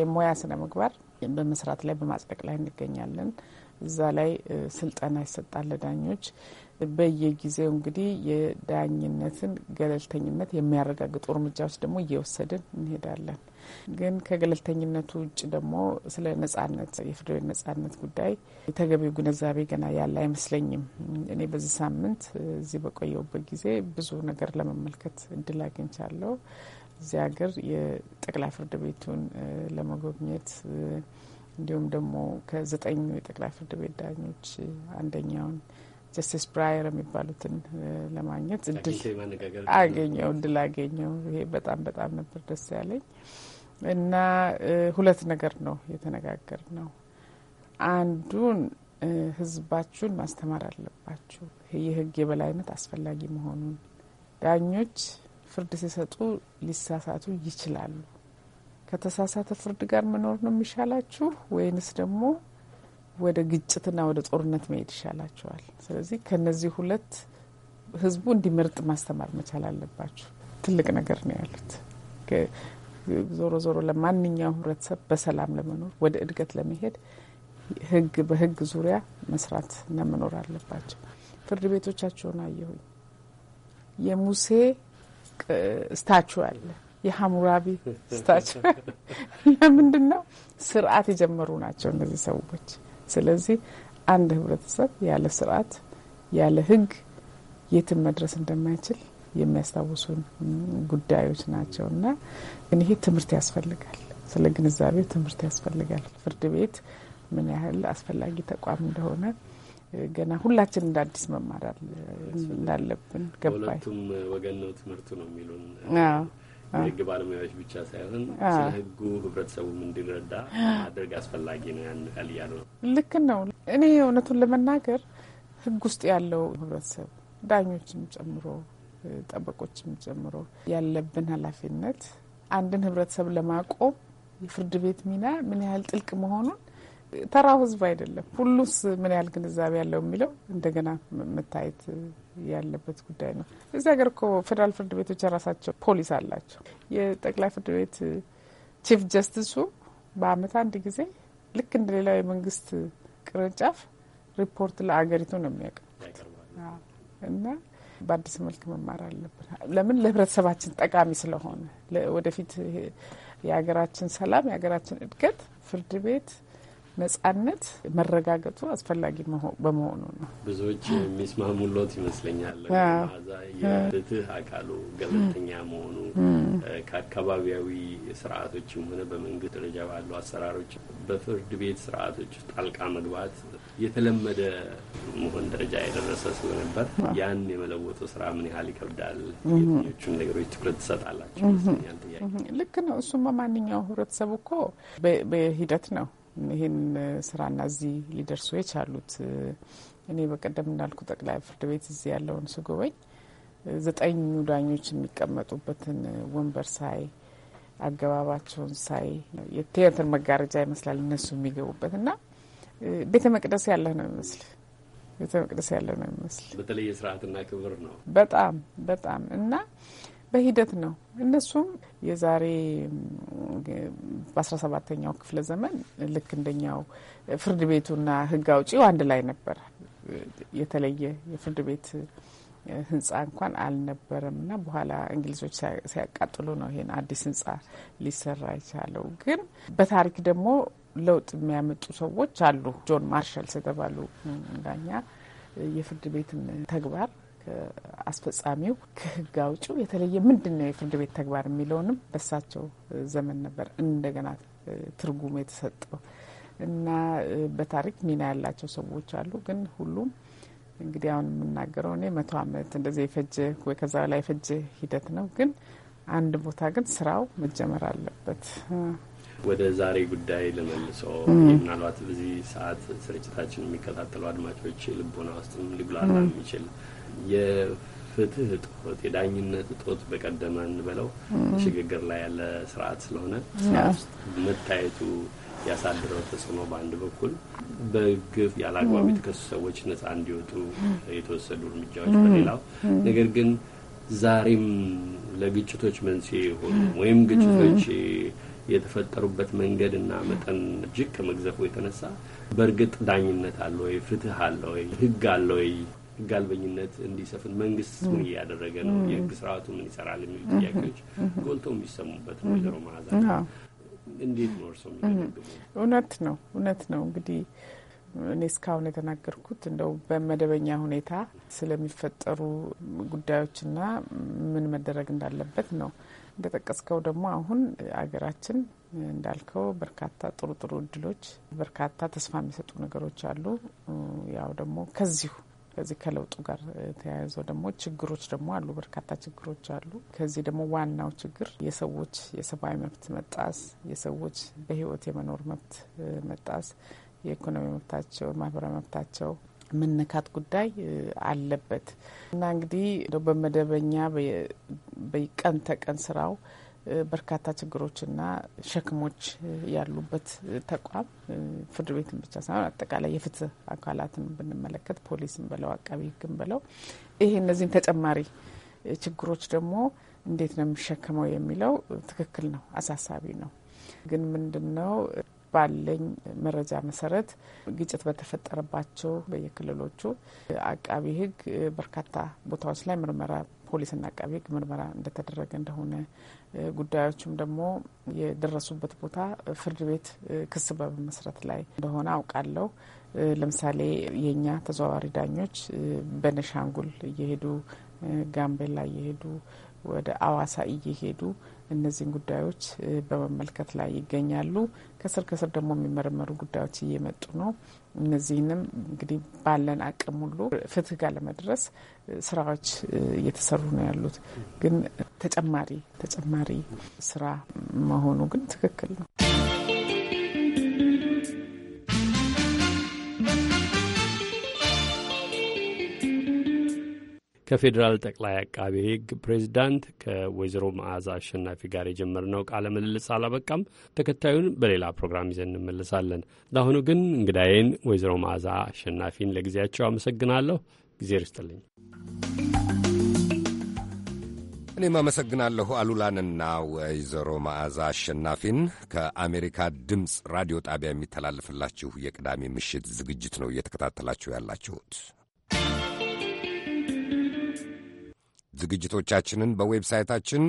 የሙያ ስነ ምግባር በመስራት ላይ በማጽደቅ ላይ እንገኛለን። እዛ ላይ ስልጠና ይሰጣል ለዳኞች በየጊዜው እንግዲህ የዳኝነትን ገለልተኝነት የሚያረጋግጡ እርምጃዎች ደግሞ እየወሰድን እንሄዳለን። ግን ከገለልተኝነቱ ውጭ ደግሞ ስለ ነጻነት የፍርድ ቤት ነጻነት ጉዳይ የተገቢው ግንዛቤ ገና ያለ አይመስለኝም። እኔ በዚህ ሳምንት እዚህ በቆየውበት ጊዜ ብዙ ነገር ለመመልከት እድል አግኝቻለሁ። እዚህ ሀገር የጠቅላይ ፍርድ ቤቱን ለመጎብኘት እንዲሁም ደግሞ ከዘጠኙ የጠቅላይ ፍርድ ቤት ዳኞች አንደኛውን ጀስቲስ ብራየር የሚባሉትን ለማግኘት እድል አገኘው እድል አገኘው። ይሄ በጣም በጣም ነበር ደስ ያለኝ። እና ሁለት ነገር ነው የተነጋገር ነው። አንዱን ህዝባችሁን ማስተማር አለባችሁ፣ የህግ የበላይነት አስፈላጊ መሆኑን። ዳኞች ፍርድ ሲሰጡ ሊሳሳቱ ይችላሉ። ከተሳሳተ ፍርድ ጋር መኖር ነው የሚሻላችሁ ወይንስ ደግሞ ወደ ግጭትና ወደ ጦርነት መሄድ ይሻላቸዋል። ስለዚህ ከነዚህ ሁለት ህዝቡ እንዲመርጥ ማስተማር መቻል አለባችሁ። ትልቅ ነገር ነው ያሉት። ዞሮ ዞሮ ለማንኛውም ህብረተሰብ በሰላም ለመኖር ወደ እድገት ለመሄድ ህግ በህግ ዙሪያ መስራትና መኖር አለባቸው። ፍርድ ቤቶቻቸውን አየሁኝ። የሙሴ ስታቹ አለ፣ የሀሙራቢ ስታቹ። ለምንድን ነው ስርዓት የጀመሩ ናቸው እነዚህ ሰዎች። ስለዚህ አንድ ህብረተሰብ ያለ ስርዓት ያለ ህግ የትም መድረስ እንደማይችል የሚያስታውሱን ጉዳዮች ናቸው እና ግን ይሄ ትምህርት ያስፈልጋል። ስለ ግንዛቤ ትምህርት ያስፈልጋል። ፍርድ ቤት ምን ያህል አስፈላጊ ተቋም እንደሆነ ገና ሁላችን እንደ አዲስ መማር እንዳለብን ገባኝ። ሁለቱም ወገን ነው ትምህርቱ ነው የሚሉን የህግ ባለሙያዎች ብቻ ሳይሆን ስለ ህጉ ህብረተሰቡም እንዲረዳ ማድረግ አስፈላጊ ነው ያንቃል እያሉ ነው። ልክ ነው። እኔ እውነቱን ለመናገር ህግ ውስጥ ያለው ህብረተሰብ ዳኞችም ጨምሮ ጠበቆችም ጨምሮ ያለብን ኃላፊነት አንድን ህብረተሰብ ለማቆም የፍርድ ቤት ሚና ምን ያህል ጥልቅ መሆኑን ተራው ህዝብ አይደለም ሁሉስ ምን ያህል ግንዛቤ ያለው የሚለው እንደገና መታየት ያለበት ጉዳይ ነው። እዚህ ሀገር እኮ ፌዴራል ፍርድ ቤቶች የራሳቸው ፖሊስ አላቸው። የጠቅላይ ፍርድ ቤት ቺፍ ጀስቲሱ በአመት አንድ ጊዜ ልክ እንደ የመንግስት ቅርንጫፍ ሪፖርት ለአገሪቱ ነው የሚያቀርቡት እና በአዲስ መልክ መማር አለብን። ለምን ለህብረተሰባችን ጠቃሚ ስለሆነ ወደፊት የሀገራችን ሰላም፣ የሀገራችን እድገት፣ ፍርድ ቤት ነጻነት መረጋገጡ አስፈላጊ በመሆኑ ነው። ብዙዎች የሚስማሙሎት ይመስለኛል። ዛ የፍትህ አካሉ ገለልተኛ መሆኑ ከአካባቢያዊ ስርዓቶችም ሆነ በመንግስት ደረጃ ባሉ አሰራሮች በፍርድ ቤት ስርዓቶች ጣልቃ መግባት የተለመደ መሆን ደረጃ የደረሰ ስለነበር ያን የመለወጡ ስራ ምን ያህል ይከብዳል? የትኞቹን ነገሮች ትኩረት ትሰጣላቸው? ልክ ነው። እሱም በማንኛው ህብረተሰቡ እኮ በሂደት ነው ይህን ስራና እዚህ ሊደርሱ የቻሉት። እኔ በቀደም እንዳልኩ ጠቅላይ ፍርድ ቤት እዚህ ያለውን ስጎበኝ ዘጠኙ ዳኞች የሚቀመጡበትን ወንበር ሳይ አገባባቸውን ሳይ የቲያትር መጋረጃ ይመስላል እነሱ የሚገቡበት እና ቤተ መቅደስ ያለህ ነው የሚመስል ቤተ መቅደስ ያለህ ነው የሚመስል በተለየ ስርዓትና ክብር ነው። በጣም በጣም እና በሂደት ነው። እነሱም የዛሬ በአስራ ሰባተኛው ክፍለ ዘመን ልክ እንደኛው ፍርድ ቤቱና ህግ አውጪው አንድ ላይ ነበረ። የተለየ የፍርድ ቤት ህንጻ እንኳን አልነበረም እና በኋላ እንግሊዞች ሲያቃጥሉ ነው ይሄን አዲስ ህንጻ ሊሰራ የቻለው። ግን በታሪክ ደግሞ ለውጥ የሚያመጡ ሰዎች አሉ። ጆን ማርሻልስ የተባሉ ዳኛ የፍርድ ቤትን ተግባር አስፈጻሚው ከህግ አውጪው የተለየ ምንድን ነው የፍርድ ቤት ተግባር የሚለውንም በሳቸው ዘመን ነበር እንደገና ትርጉም የተሰጠው እና በታሪክ ሚና ያላቸው ሰዎች አሉ። ግን ሁሉም እንግዲህ አሁን የምናገረው እኔ መቶ አመት እንደዚህ የፈጀ ወይ ከዛ ላይ የፈጀ ሂደት ነው። ግን አንድ ቦታ ግን ስራው መጀመር አለበት። ወደ ዛሬ ጉዳይ ልመልሰው። ምናልባት በዚህ ሰዓት ስርጭታችን የሚከታተሉ አድማጮች ልቦና ውስጥም ሊጉላላ የሚችል የፍትህ እጦት፣ የዳኝነት እጦት በቀደመ እንበለው ሽግግር ላይ ያለ ስርዓት ስለሆነ ስርዓት መታየቱ ያሳድረው ተጽዕኖ በአንድ በኩል በግፍ ያለአግባብ የተከሱ ሰዎች ነጻ እንዲወጡ የተወሰዱ እርምጃዎች፣ በሌላው ነገር ግን ዛሬም ለግጭቶች መንስኤ የሆኑ ወይም ግጭቶች የተፈጠሩበት መንገድና መጠን እጅግ ከመግዘፉ የተነሳ በእርግጥ ዳኝነት አለ ወይ? ፍትህ አለ ወይ? ህግ አለ ወይ? ህግ አልበኝነት እንዲሰፍን መንግስት ምን እያደረገ ነው? የህግ ስርዓቱ ምን ይሰራል? የሚሉ ጥያቄዎች ጎልተው የሚሰሙበት ነው። ወይዘሮ መዓዛ እንዴት ነው እርስዎ የሚገመግሙ? እውነት ነው እውነት ነው እንግዲህ እኔ እስካሁን የተናገርኩት እንደው በመደበኛ ሁኔታ ስለሚፈጠሩ ጉዳዮችና ምን መደረግ እንዳለበት ነው። እንደጠቀስከው ደግሞ አሁን አገራችን እንዳልከው በርካታ ጥሩ ጥሩ እድሎች፣ በርካታ ተስፋ የሚሰጡ ነገሮች አሉ። ያው ደግሞ ከዚሁ ከዚህ ከለውጡ ጋር ተያይዞ ደግሞ ችግሮች ደግሞ አሉ። በርካታ ችግሮች አሉ። ከዚህ ደግሞ ዋናው ችግር የሰዎች የሰብአዊ መብት መጣስ፣ የሰዎች በህይወት የመኖር መብት መጣስ፣ የኢኮኖሚ መብታቸው፣ ማህበራዊ መብታቸው መነካት ጉዳይ አለበት እና እንግዲህ በመደበኛ በቀን ተቀን ስራው በርካታ ችግሮችና ሸክሞች ያሉበት ተቋም ፍርድ ቤትን ብቻ ሳይሆን አጠቃላይ የፍትህ አካላትን ብንመለከት ፖሊስን ብለው አቃቢ ህግን ብለው ይሄ እነዚህም ተጨማሪ ችግሮች ደግሞ እንዴት ነው የሚሸክመው የሚለው ትክክል ነው፣ አሳሳቢ ነው። ግን ምንድን ነው ባለኝ መረጃ መሰረት ግጭት በተፈጠረባቸው በየክልሎቹ አቃቢ ህግ በርካታ ቦታዎች ላይ ምርመራ ፖሊስና አቃቢ ሕግ ምርመራ እንደተደረገ እንደሆነ ጉዳዮችም ደግሞ የደረሱበት ቦታ ፍርድ ቤት ክስ በመመስረት ላይ እንደሆነ አውቃለሁ። ለምሳሌ የእኛ ተዘዋዋሪ ዳኞች በነሻንጉል እየሄዱ ጋምቤላ እየሄዱ ወደ አዋሳ እየሄዱ እነዚህን ጉዳዮች በመመልከት ላይ ይገኛሉ። ከስር ከስር ደግሞ የሚመረመሩ ጉዳዮች እየመጡ ነው። እነዚህንም እንግዲህ ባለን አቅም ሁሉ ፍትህ ጋር ለመድረስ ስራዎች እየተሰሩ ነው ያሉት። ግን ተጨማሪ ተጨማሪ ስራ መሆኑ ግን ትክክል ነው። ከፌዴራል ጠቅላይ አቃቤ ሕግ ፕሬዚዳንት ከወይዘሮ መዓዛ አሸናፊ ጋር የጀመርነው ቃለ ምልልስ አላበቃም። ተከታዩን በሌላ ፕሮግራም ይዘን እንመልሳለን። ለአሁኑ ግን እንግዳዬን ወይዘሮ መዓዛ አሸናፊን ለጊዜያቸው አመሰግናለሁ። ጊዜ ርስጥልኝ። እኔም አመሰግናለሁ አሉላንና ወይዘሮ መዓዛ አሸናፊን። ከአሜሪካ ድምፅ ራዲዮ ጣቢያ የሚተላለፍላችሁ የቅዳሜ ምሽት ዝግጅት ነው እየተከታተላችሁ ያላችሁት። ዝግጅቶቻችንን በዌብሳይታችን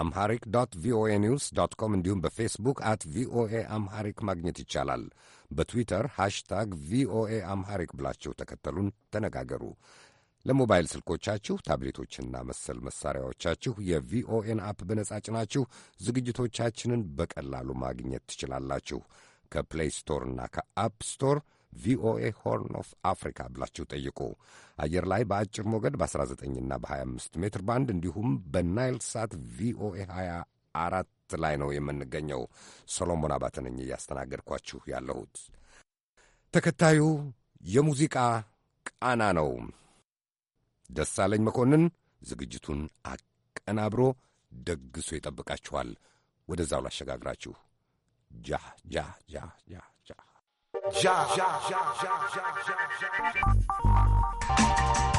አምሐሪክ ዶት ቪኦኤ ኒውስ ዶት ኮም እንዲሁም በፌስቡክ አት ቪኦኤ አምሐሪክ ማግኘት ይቻላል። በትዊተር ሃሽታግ ቪኦኤ አምሐሪክ ብላችሁ ተከተሉን፣ ተነጋገሩ። ለሞባይል ስልኮቻችሁ ታብሌቶችና መሰል መሳሪያዎቻችሁ የቪኦኤን አፕ በነጻ ጭናችሁ ዝግጅቶቻችንን በቀላሉ ማግኘት ትችላላችሁ። ከፕሌይ ስቶርና ከአፕ ስቶር ቪኦኤ ሆርን ኦፍ አፍሪካ ብላችሁ ጠይቁ። አየር ላይ በአጭር ሞገድ በ19ና በ25 ሜትር ባንድ እንዲሁም በናይል ሳት ቪኦኤ 24 ላይ ነው የምንገኘው። ሰሎሞን አባተ ነኝ እያስተናገድኳችሁ ያለሁት። ተከታዩ የሙዚቃ ቃና ነው። ደሳለኝ መኮንን ዝግጅቱን አቀናብሮ ደግሶ ይጠብቃችኋል። ወደዛው ላሸጋግራችሁ። ጃ ጃ ጃ ጃ Ja. ja, ja, ja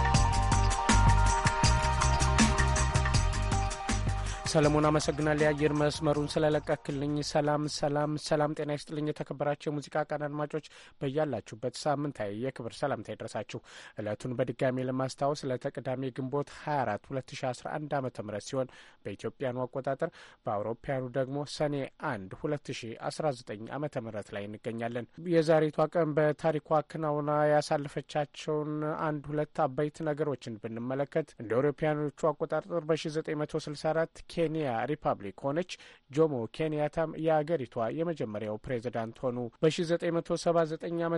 ሰለሞን አመሰግናል የአየር መስመሩን ስለለቀክልኝ። ሰላም ሰላም ሰላም፣ ጤና ይስጥልኝ። የተከበራቸው የሙዚቃ ቀን አድማጮች በያላችሁበት ሳምንታዊ የክብር ሰላምታ ይድረሳችሁ። እለቱን በድጋሚ ለማስታወስ ዕለተ ግንቦት 24 2011 ዓ ም ሲሆን በኢትዮጵያኑ አቆጣጠር በአውሮፓያኑ ደግሞ ሰኔ 1 2019 ዓ ም ላይ እንገኛለን። የዛሬቷ ቀን በታሪኳ ክናውና ያሳለፈቻቸውን አንድ ሁለት አበይት ነገሮችን ብንመለከት እንደ አውሮፓያኖቹ አቆጣጠር በ1964 የኬንያ ሪፐብሊክ ሆነች። ጆሞ ኬንያታም የአገሪቷ የመጀመሪያው ፕሬዝዳንት ሆኑ። በ1979 ዓ ም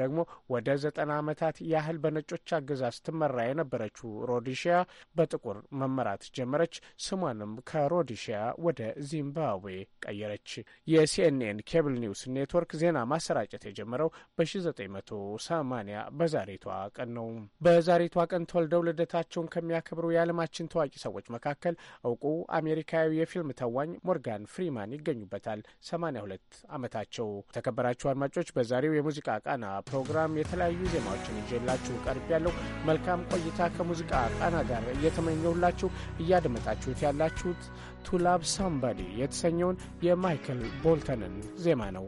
ደግሞ ወደ 90 ዓመታት ያህል በነጮች አገዛዝ ትመራ የነበረችው ሮዲሽያ በጥቁር መመራት ጀመረች። ስሟንም ከሮዲሽያ ወደ ዚምባብዌ ቀየረች። የሲኤንኤን ኬብል ኒውስ ኔትወርክ ዜና ማሰራጨት የጀመረው በ1980 በዛሬቷ ቀን ነው። በዛሬቷ ቀን ተወልደው ልደታቸውን ከሚያከብሩ የዓለማችን ታዋቂ ሰዎች መካከል እውቁ አሜሪካዊ የፊልም ተዋኝ ሞርጋን ፍሪማን ይገኙበታል። 82 ዓመታቸው። ተከበራችሁ አድማጮች፣ በዛሬው የሙዚቃ ቃና ፕሮግራም የተለያዩ ዜማዎችን ይዤላችሁ ቀርብ ያለው መልካም ቆይታ ከሙዚቃ ቃና ጋር እየተመኘሁላችሁ እያደመጣችሁት ያላችሁት ቱላብ ሳምባዲ የተሰኘውን የማይክል ቦልተንን ዜማ ነው።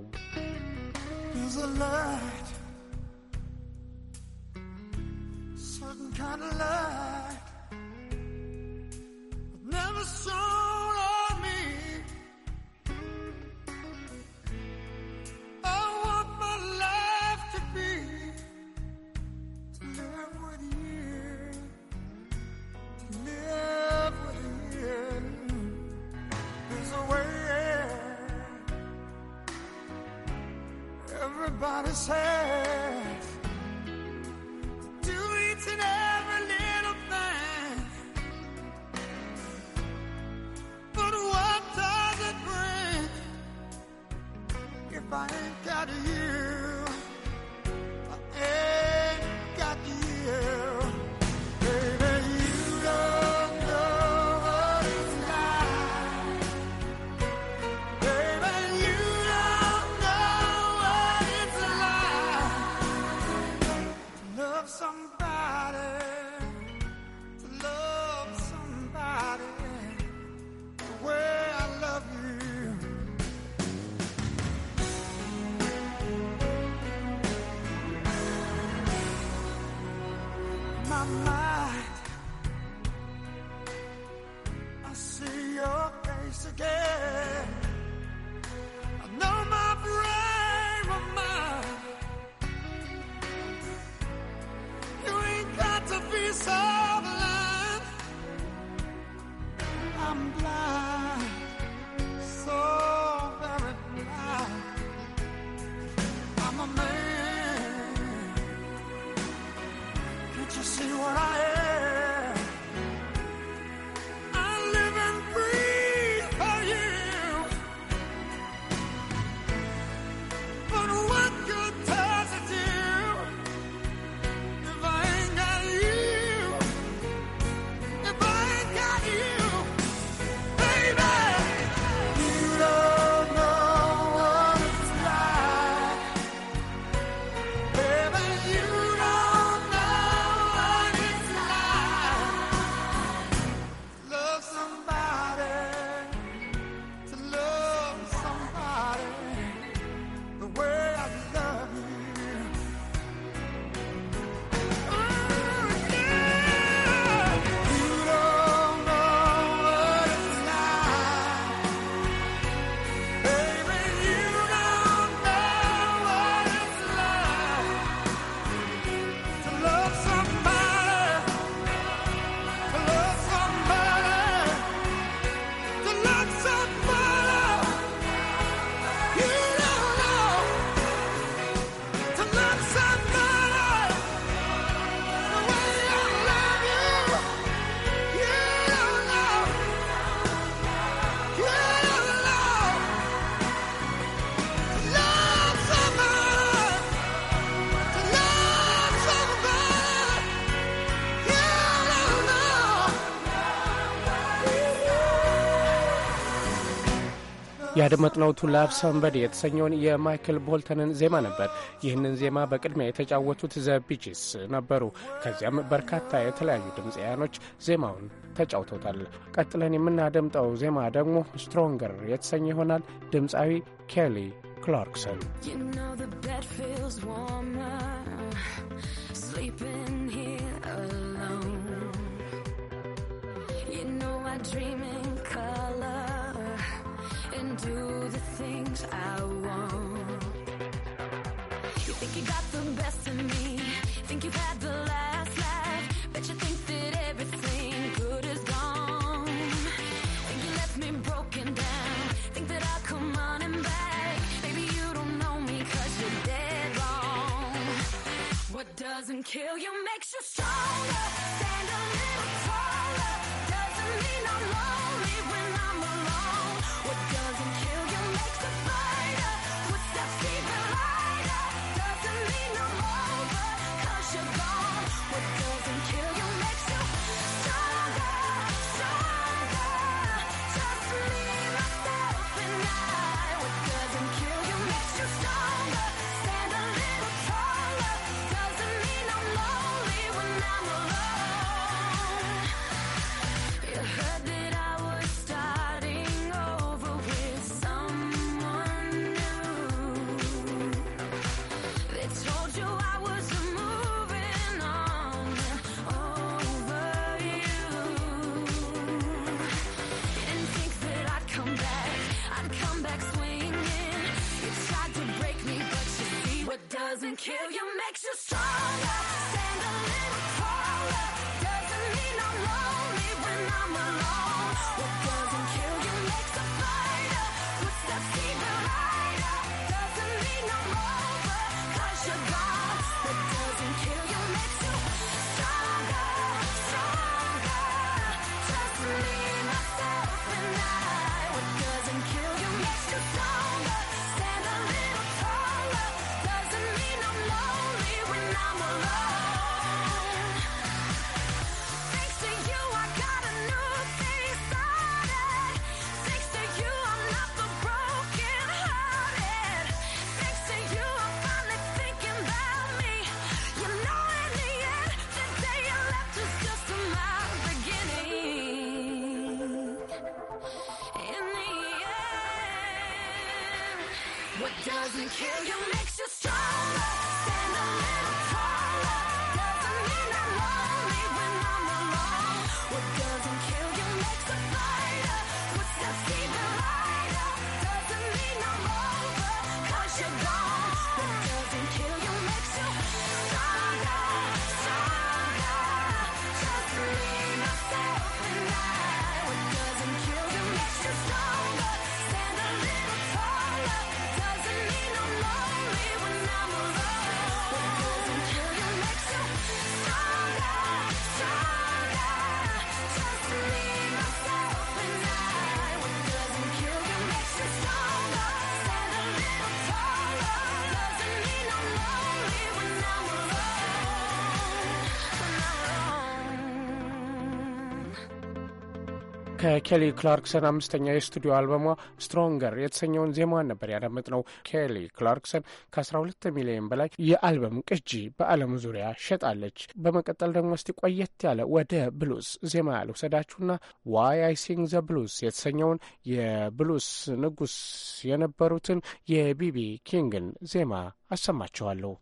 certain kind of light never sold on me. I want my life to be to live with you, live with you. There's a way everybody's happy. I ain't got you. ያደመጥነው ቱ ላቭ ሰምበዲ የተሰኘውን የማይክል ቦልተንን ዜማ ነበር። ይህንን ዜማ በቅድሚያ የተጫወቱት ዘ ቢጂስ ነበሩ። ከዚያም በርካታ የተለያዩ ድምፃውያኖች ዜማውን ተጫውተውታል። ቀጥለን የምናደምጠው ዜማ ደግሞ ስትሮንገር የተሰኘ ይሆናል። ድምፃዊ ኬሊ ክላርክሰን dreaming color do the things I want. You think you got the best of me, think you had the last laugh, but you think that everything good is gone. Think you left me broken down, think that I'll come on and back. Maybe you don't know me cause you're dead wrong. What doesn't kill you makes you stronger. doesn't kill you, makes you stronger. Stand a little taller. Doesn't mean I'm lonely when I'm alone. What doesn't kill you makes a fighter. Footsteps keep it lighter. Doesn't mean I'm over, you you're gone. What doesn't kill you makes ከኬሊ ክላርክሰን አምስተኛ የስቱዲዮ አልበሟ ስትሮንገር የተሰኘውን ዜማዋን ነበር ነው። ኬሊ ክላርክሰን ከ12 ሚሊዮን በላይ የአልበም ቅጂ በዓለም ዙሪያ ሸጣለች። በመቀጠል ደግሞ እስቲ ቆየት ያለ ወደ ብሉስ ዜማ ያልውሰዳችሁና ዋይ አይ ሲንግ ዘ ብሉስ የተሰኘውን የብሉስ ንጉስ የነበሩትን የቢቢ ኪንግን ዜማ አሰማችኋለሁ።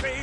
Baby.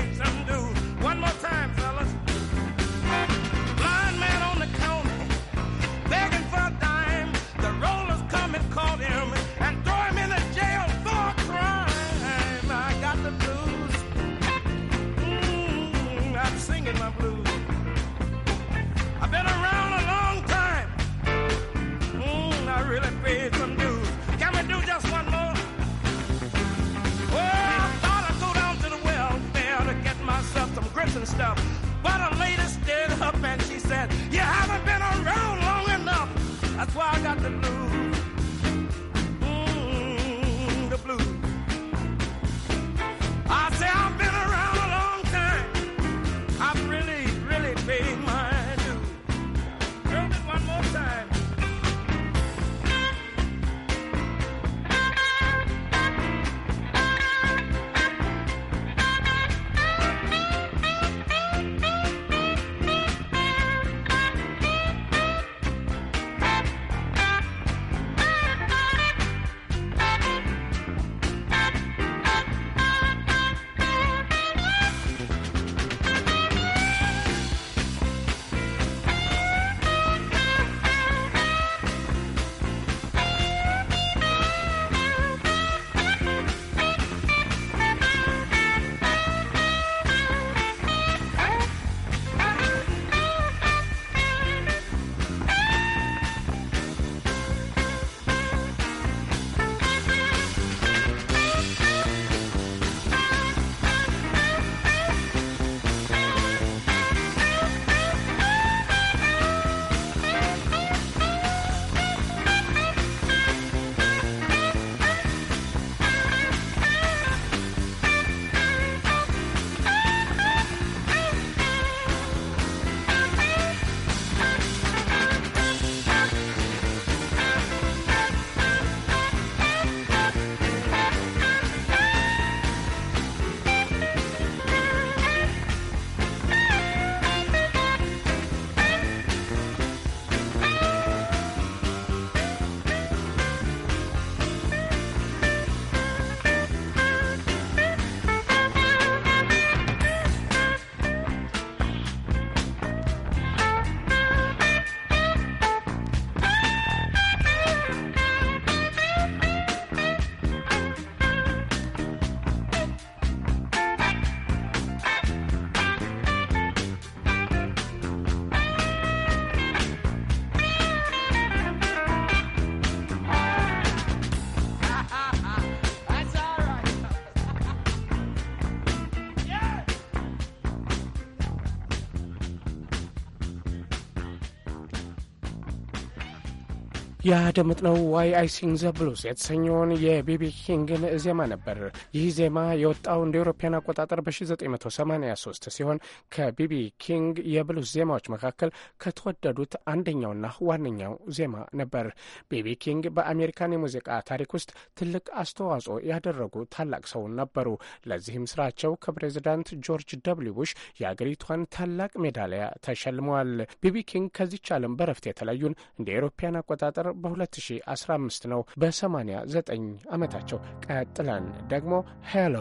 ያደምጥነው ዋይ አይ ሲንግ ዘ ብሉስ የተሰኘውን የቢቢ ኪንግን ዜማ ነበር። ይህ ዜማ የወጣው እንደ ኤሮፓያን አቆጣጠር በ1983 ሲሆን ከቢቢ ኪንግ የብሉስ ዜማዎች መካከል ከተወደዱት አንደኛውና ዋነኛው ዜማ ነበር። ቢቢ ኪንግ በአሜሪካን የሙዚቃ ታሪክ ውስጥ ትልቅ አስተዋጽኦ ያደረጉ ታላቅ ሰው ነበሩ። ለዚህም ስራቸው ከፕሬዚዳንት ጆርጅ ደብሊው ቡሽ የአገሪቷን ታላቅ ሜዳሊያ ተሸልመዋል። ቢቢ ኪንግ ከዚች ዓለም በረፍት የተለዩን እንደ ኤሮፓያን አቆጣጠር በ2015 ነው። በ89 ዓመታቸው ቀጥለን ደግሞ ሄሎ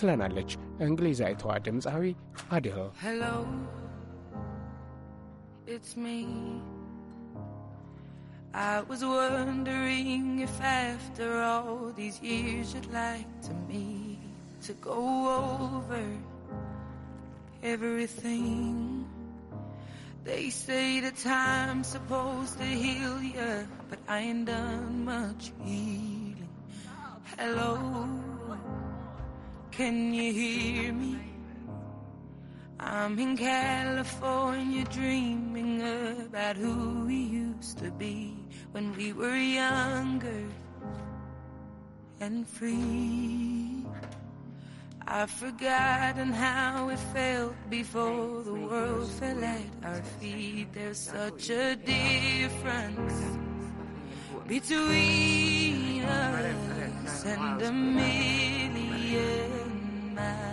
ትለናለች እንግሊዛዊቷ ድምፃዊ አድል It's me. I was wondering if after all these years you'd like to me to go over everything they say the time's supposed to heal ya, but I ain't done much healing. Hello, can you hear me? I'm in California dreaming about who we used to be when we were younger and free. I've forgotten how it felt before the world fell at our feet. There's such a difference between us and a million miles.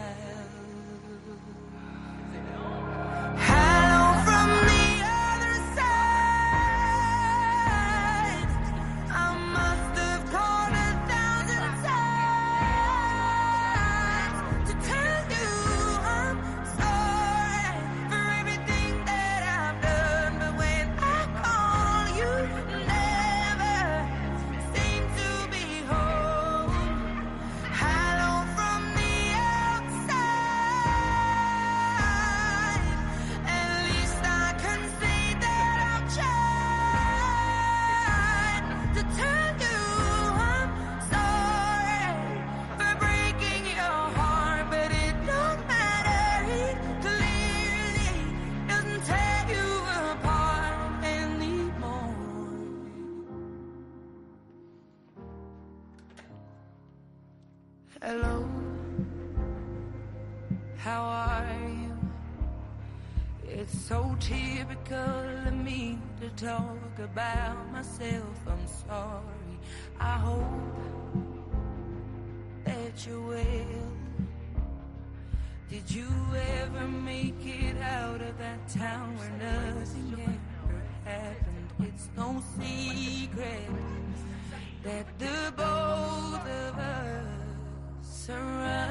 Hello, how are you? It's so typical of me to talk about myself. I'm sorry. I hope that you will. Did you ever make it out of that town where nothing ever happened? It's no secret that the boy. Surround.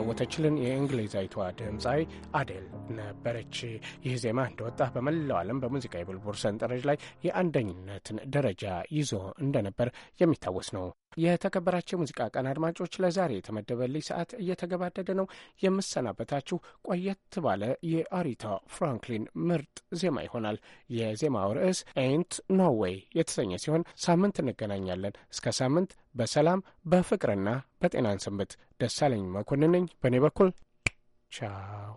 የተጫወተችልን የእንግሊዛዊቷ ድምፃዊ አደ ነበረች። ይህ ዜማ እንደወጣ በመላው ዓለም በሙዚቃ የብልቡር ሰንጠረዥ ላይ የአንደኝነትን ደረጃ ይዞ እንደነበር የሚታወስ ነው። የተከበራቸው የሙዚቃ ቀን አድማጮች፣ ለዛሬ የተመደበልኝ ሰዓት እየተገባደደ ነው። የምሰናበታችሁ ቆየት ባለ የአሪታ ፍራንክሊን ምርጥ ዜማ ይሆናል። የዜማው ርዕስ ኤንት ኖዌይ የተሰኘ ሲሆን ሳምንት እንገናኛለን። እስከ ሳምንት በሰላም በፍቅርና በጤናን ስምት ደሳለኝ መኮንን ነኝ። በእኔ በኩል ቻው።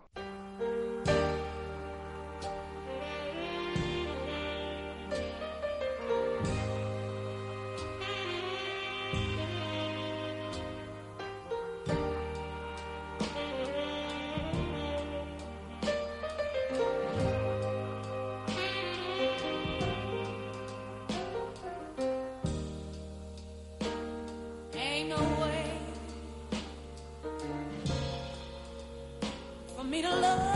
me to love.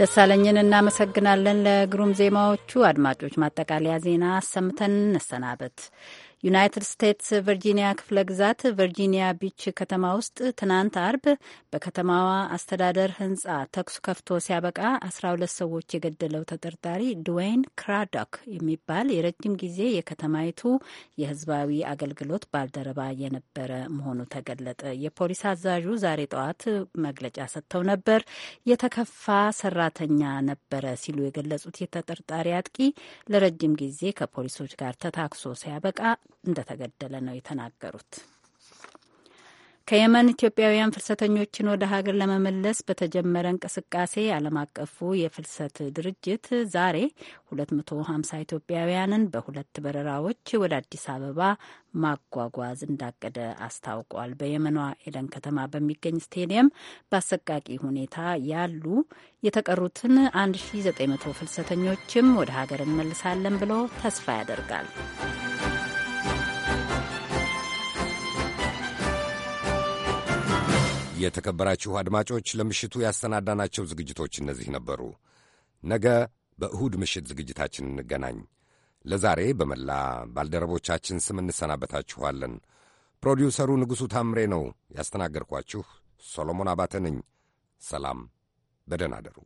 ደሳለኝን እናመሰግናለን ለግሩም ዜማዎቹ። አድማጮች ማጠቃለያ ዜና አሰምተን እንሰናበት። ዩናይትድ ስቴትስ ቨርጂኒያ ክፍለ ግዛት ቨርጂኒያ ቢች ከተማ ውስጥ ትናንት አርብ በከተማዋ አስተዳደር ህንጻ ተኩስ ከፍቶ ሲያበቃ ሁለት ሰዎች የገደለው ተጠርጣሪ ድዌይን ክራዶክ የሚባል የረጅም ጊዜ የከተማይቱ የህዝባዊ አገልግሎት ባልደረባ የነበረ መሆኑ ተገለጠ። የፖሊስ አዛዡ ዛሬ ጠዋት መግለጫ ሰጥተው ነበር። የተከፋ ሰራተኛ ነበረ ሲሉ የገለጹት የተጠርጣሪ አጥቂ ለረጅም ጊዜ ከፖሊሶች ጋር ተታክሶ ሲያበቃ እንደተገደለ ነው የተናገሩት። ከየመን ኢትዮጵያውያን ፍልሰተኞችን ወደ ሀገር ለመመለስ በተጀመረ እንቅስቃሴ ዓለም አቀፉ የፍልሰት ድርጅት ዛሬ 250 ኢትዮጵያውያንን በሁለት በረራዎች ወደ አዲስ አበባ ማጓጓዝ እንዳቀደ አስታውቋል። በየመኗ ኤደን ከተማ በሚገኝ ስቴዲየም በአሰቃቂ ሁኔታ ያሉ የተቀሩትን 1900 ፍልሰተኞችም ወደ ሀገር እንመልሳለን ብሎ ተስፋ ያደርጋል። የተከበራችሁ አድማጮች ለምሽቱ ያሰናዳናቸው ዝግጅቶች እነዚህ ነበሩ። ነገ በእሁድ ምሽት ዝግጅታችን እንገናኝ። ለዛሬ በመላ ባልደረቦቻችን ስም እንሰናበታችኋለን። ፕሮዲውሰሩ ንጉሡ ታምሬ ነው። ያስተናገርኳችሁ ሰሎሞን አባተ ነኝ። ሰላም፣ በደህና አደሩ።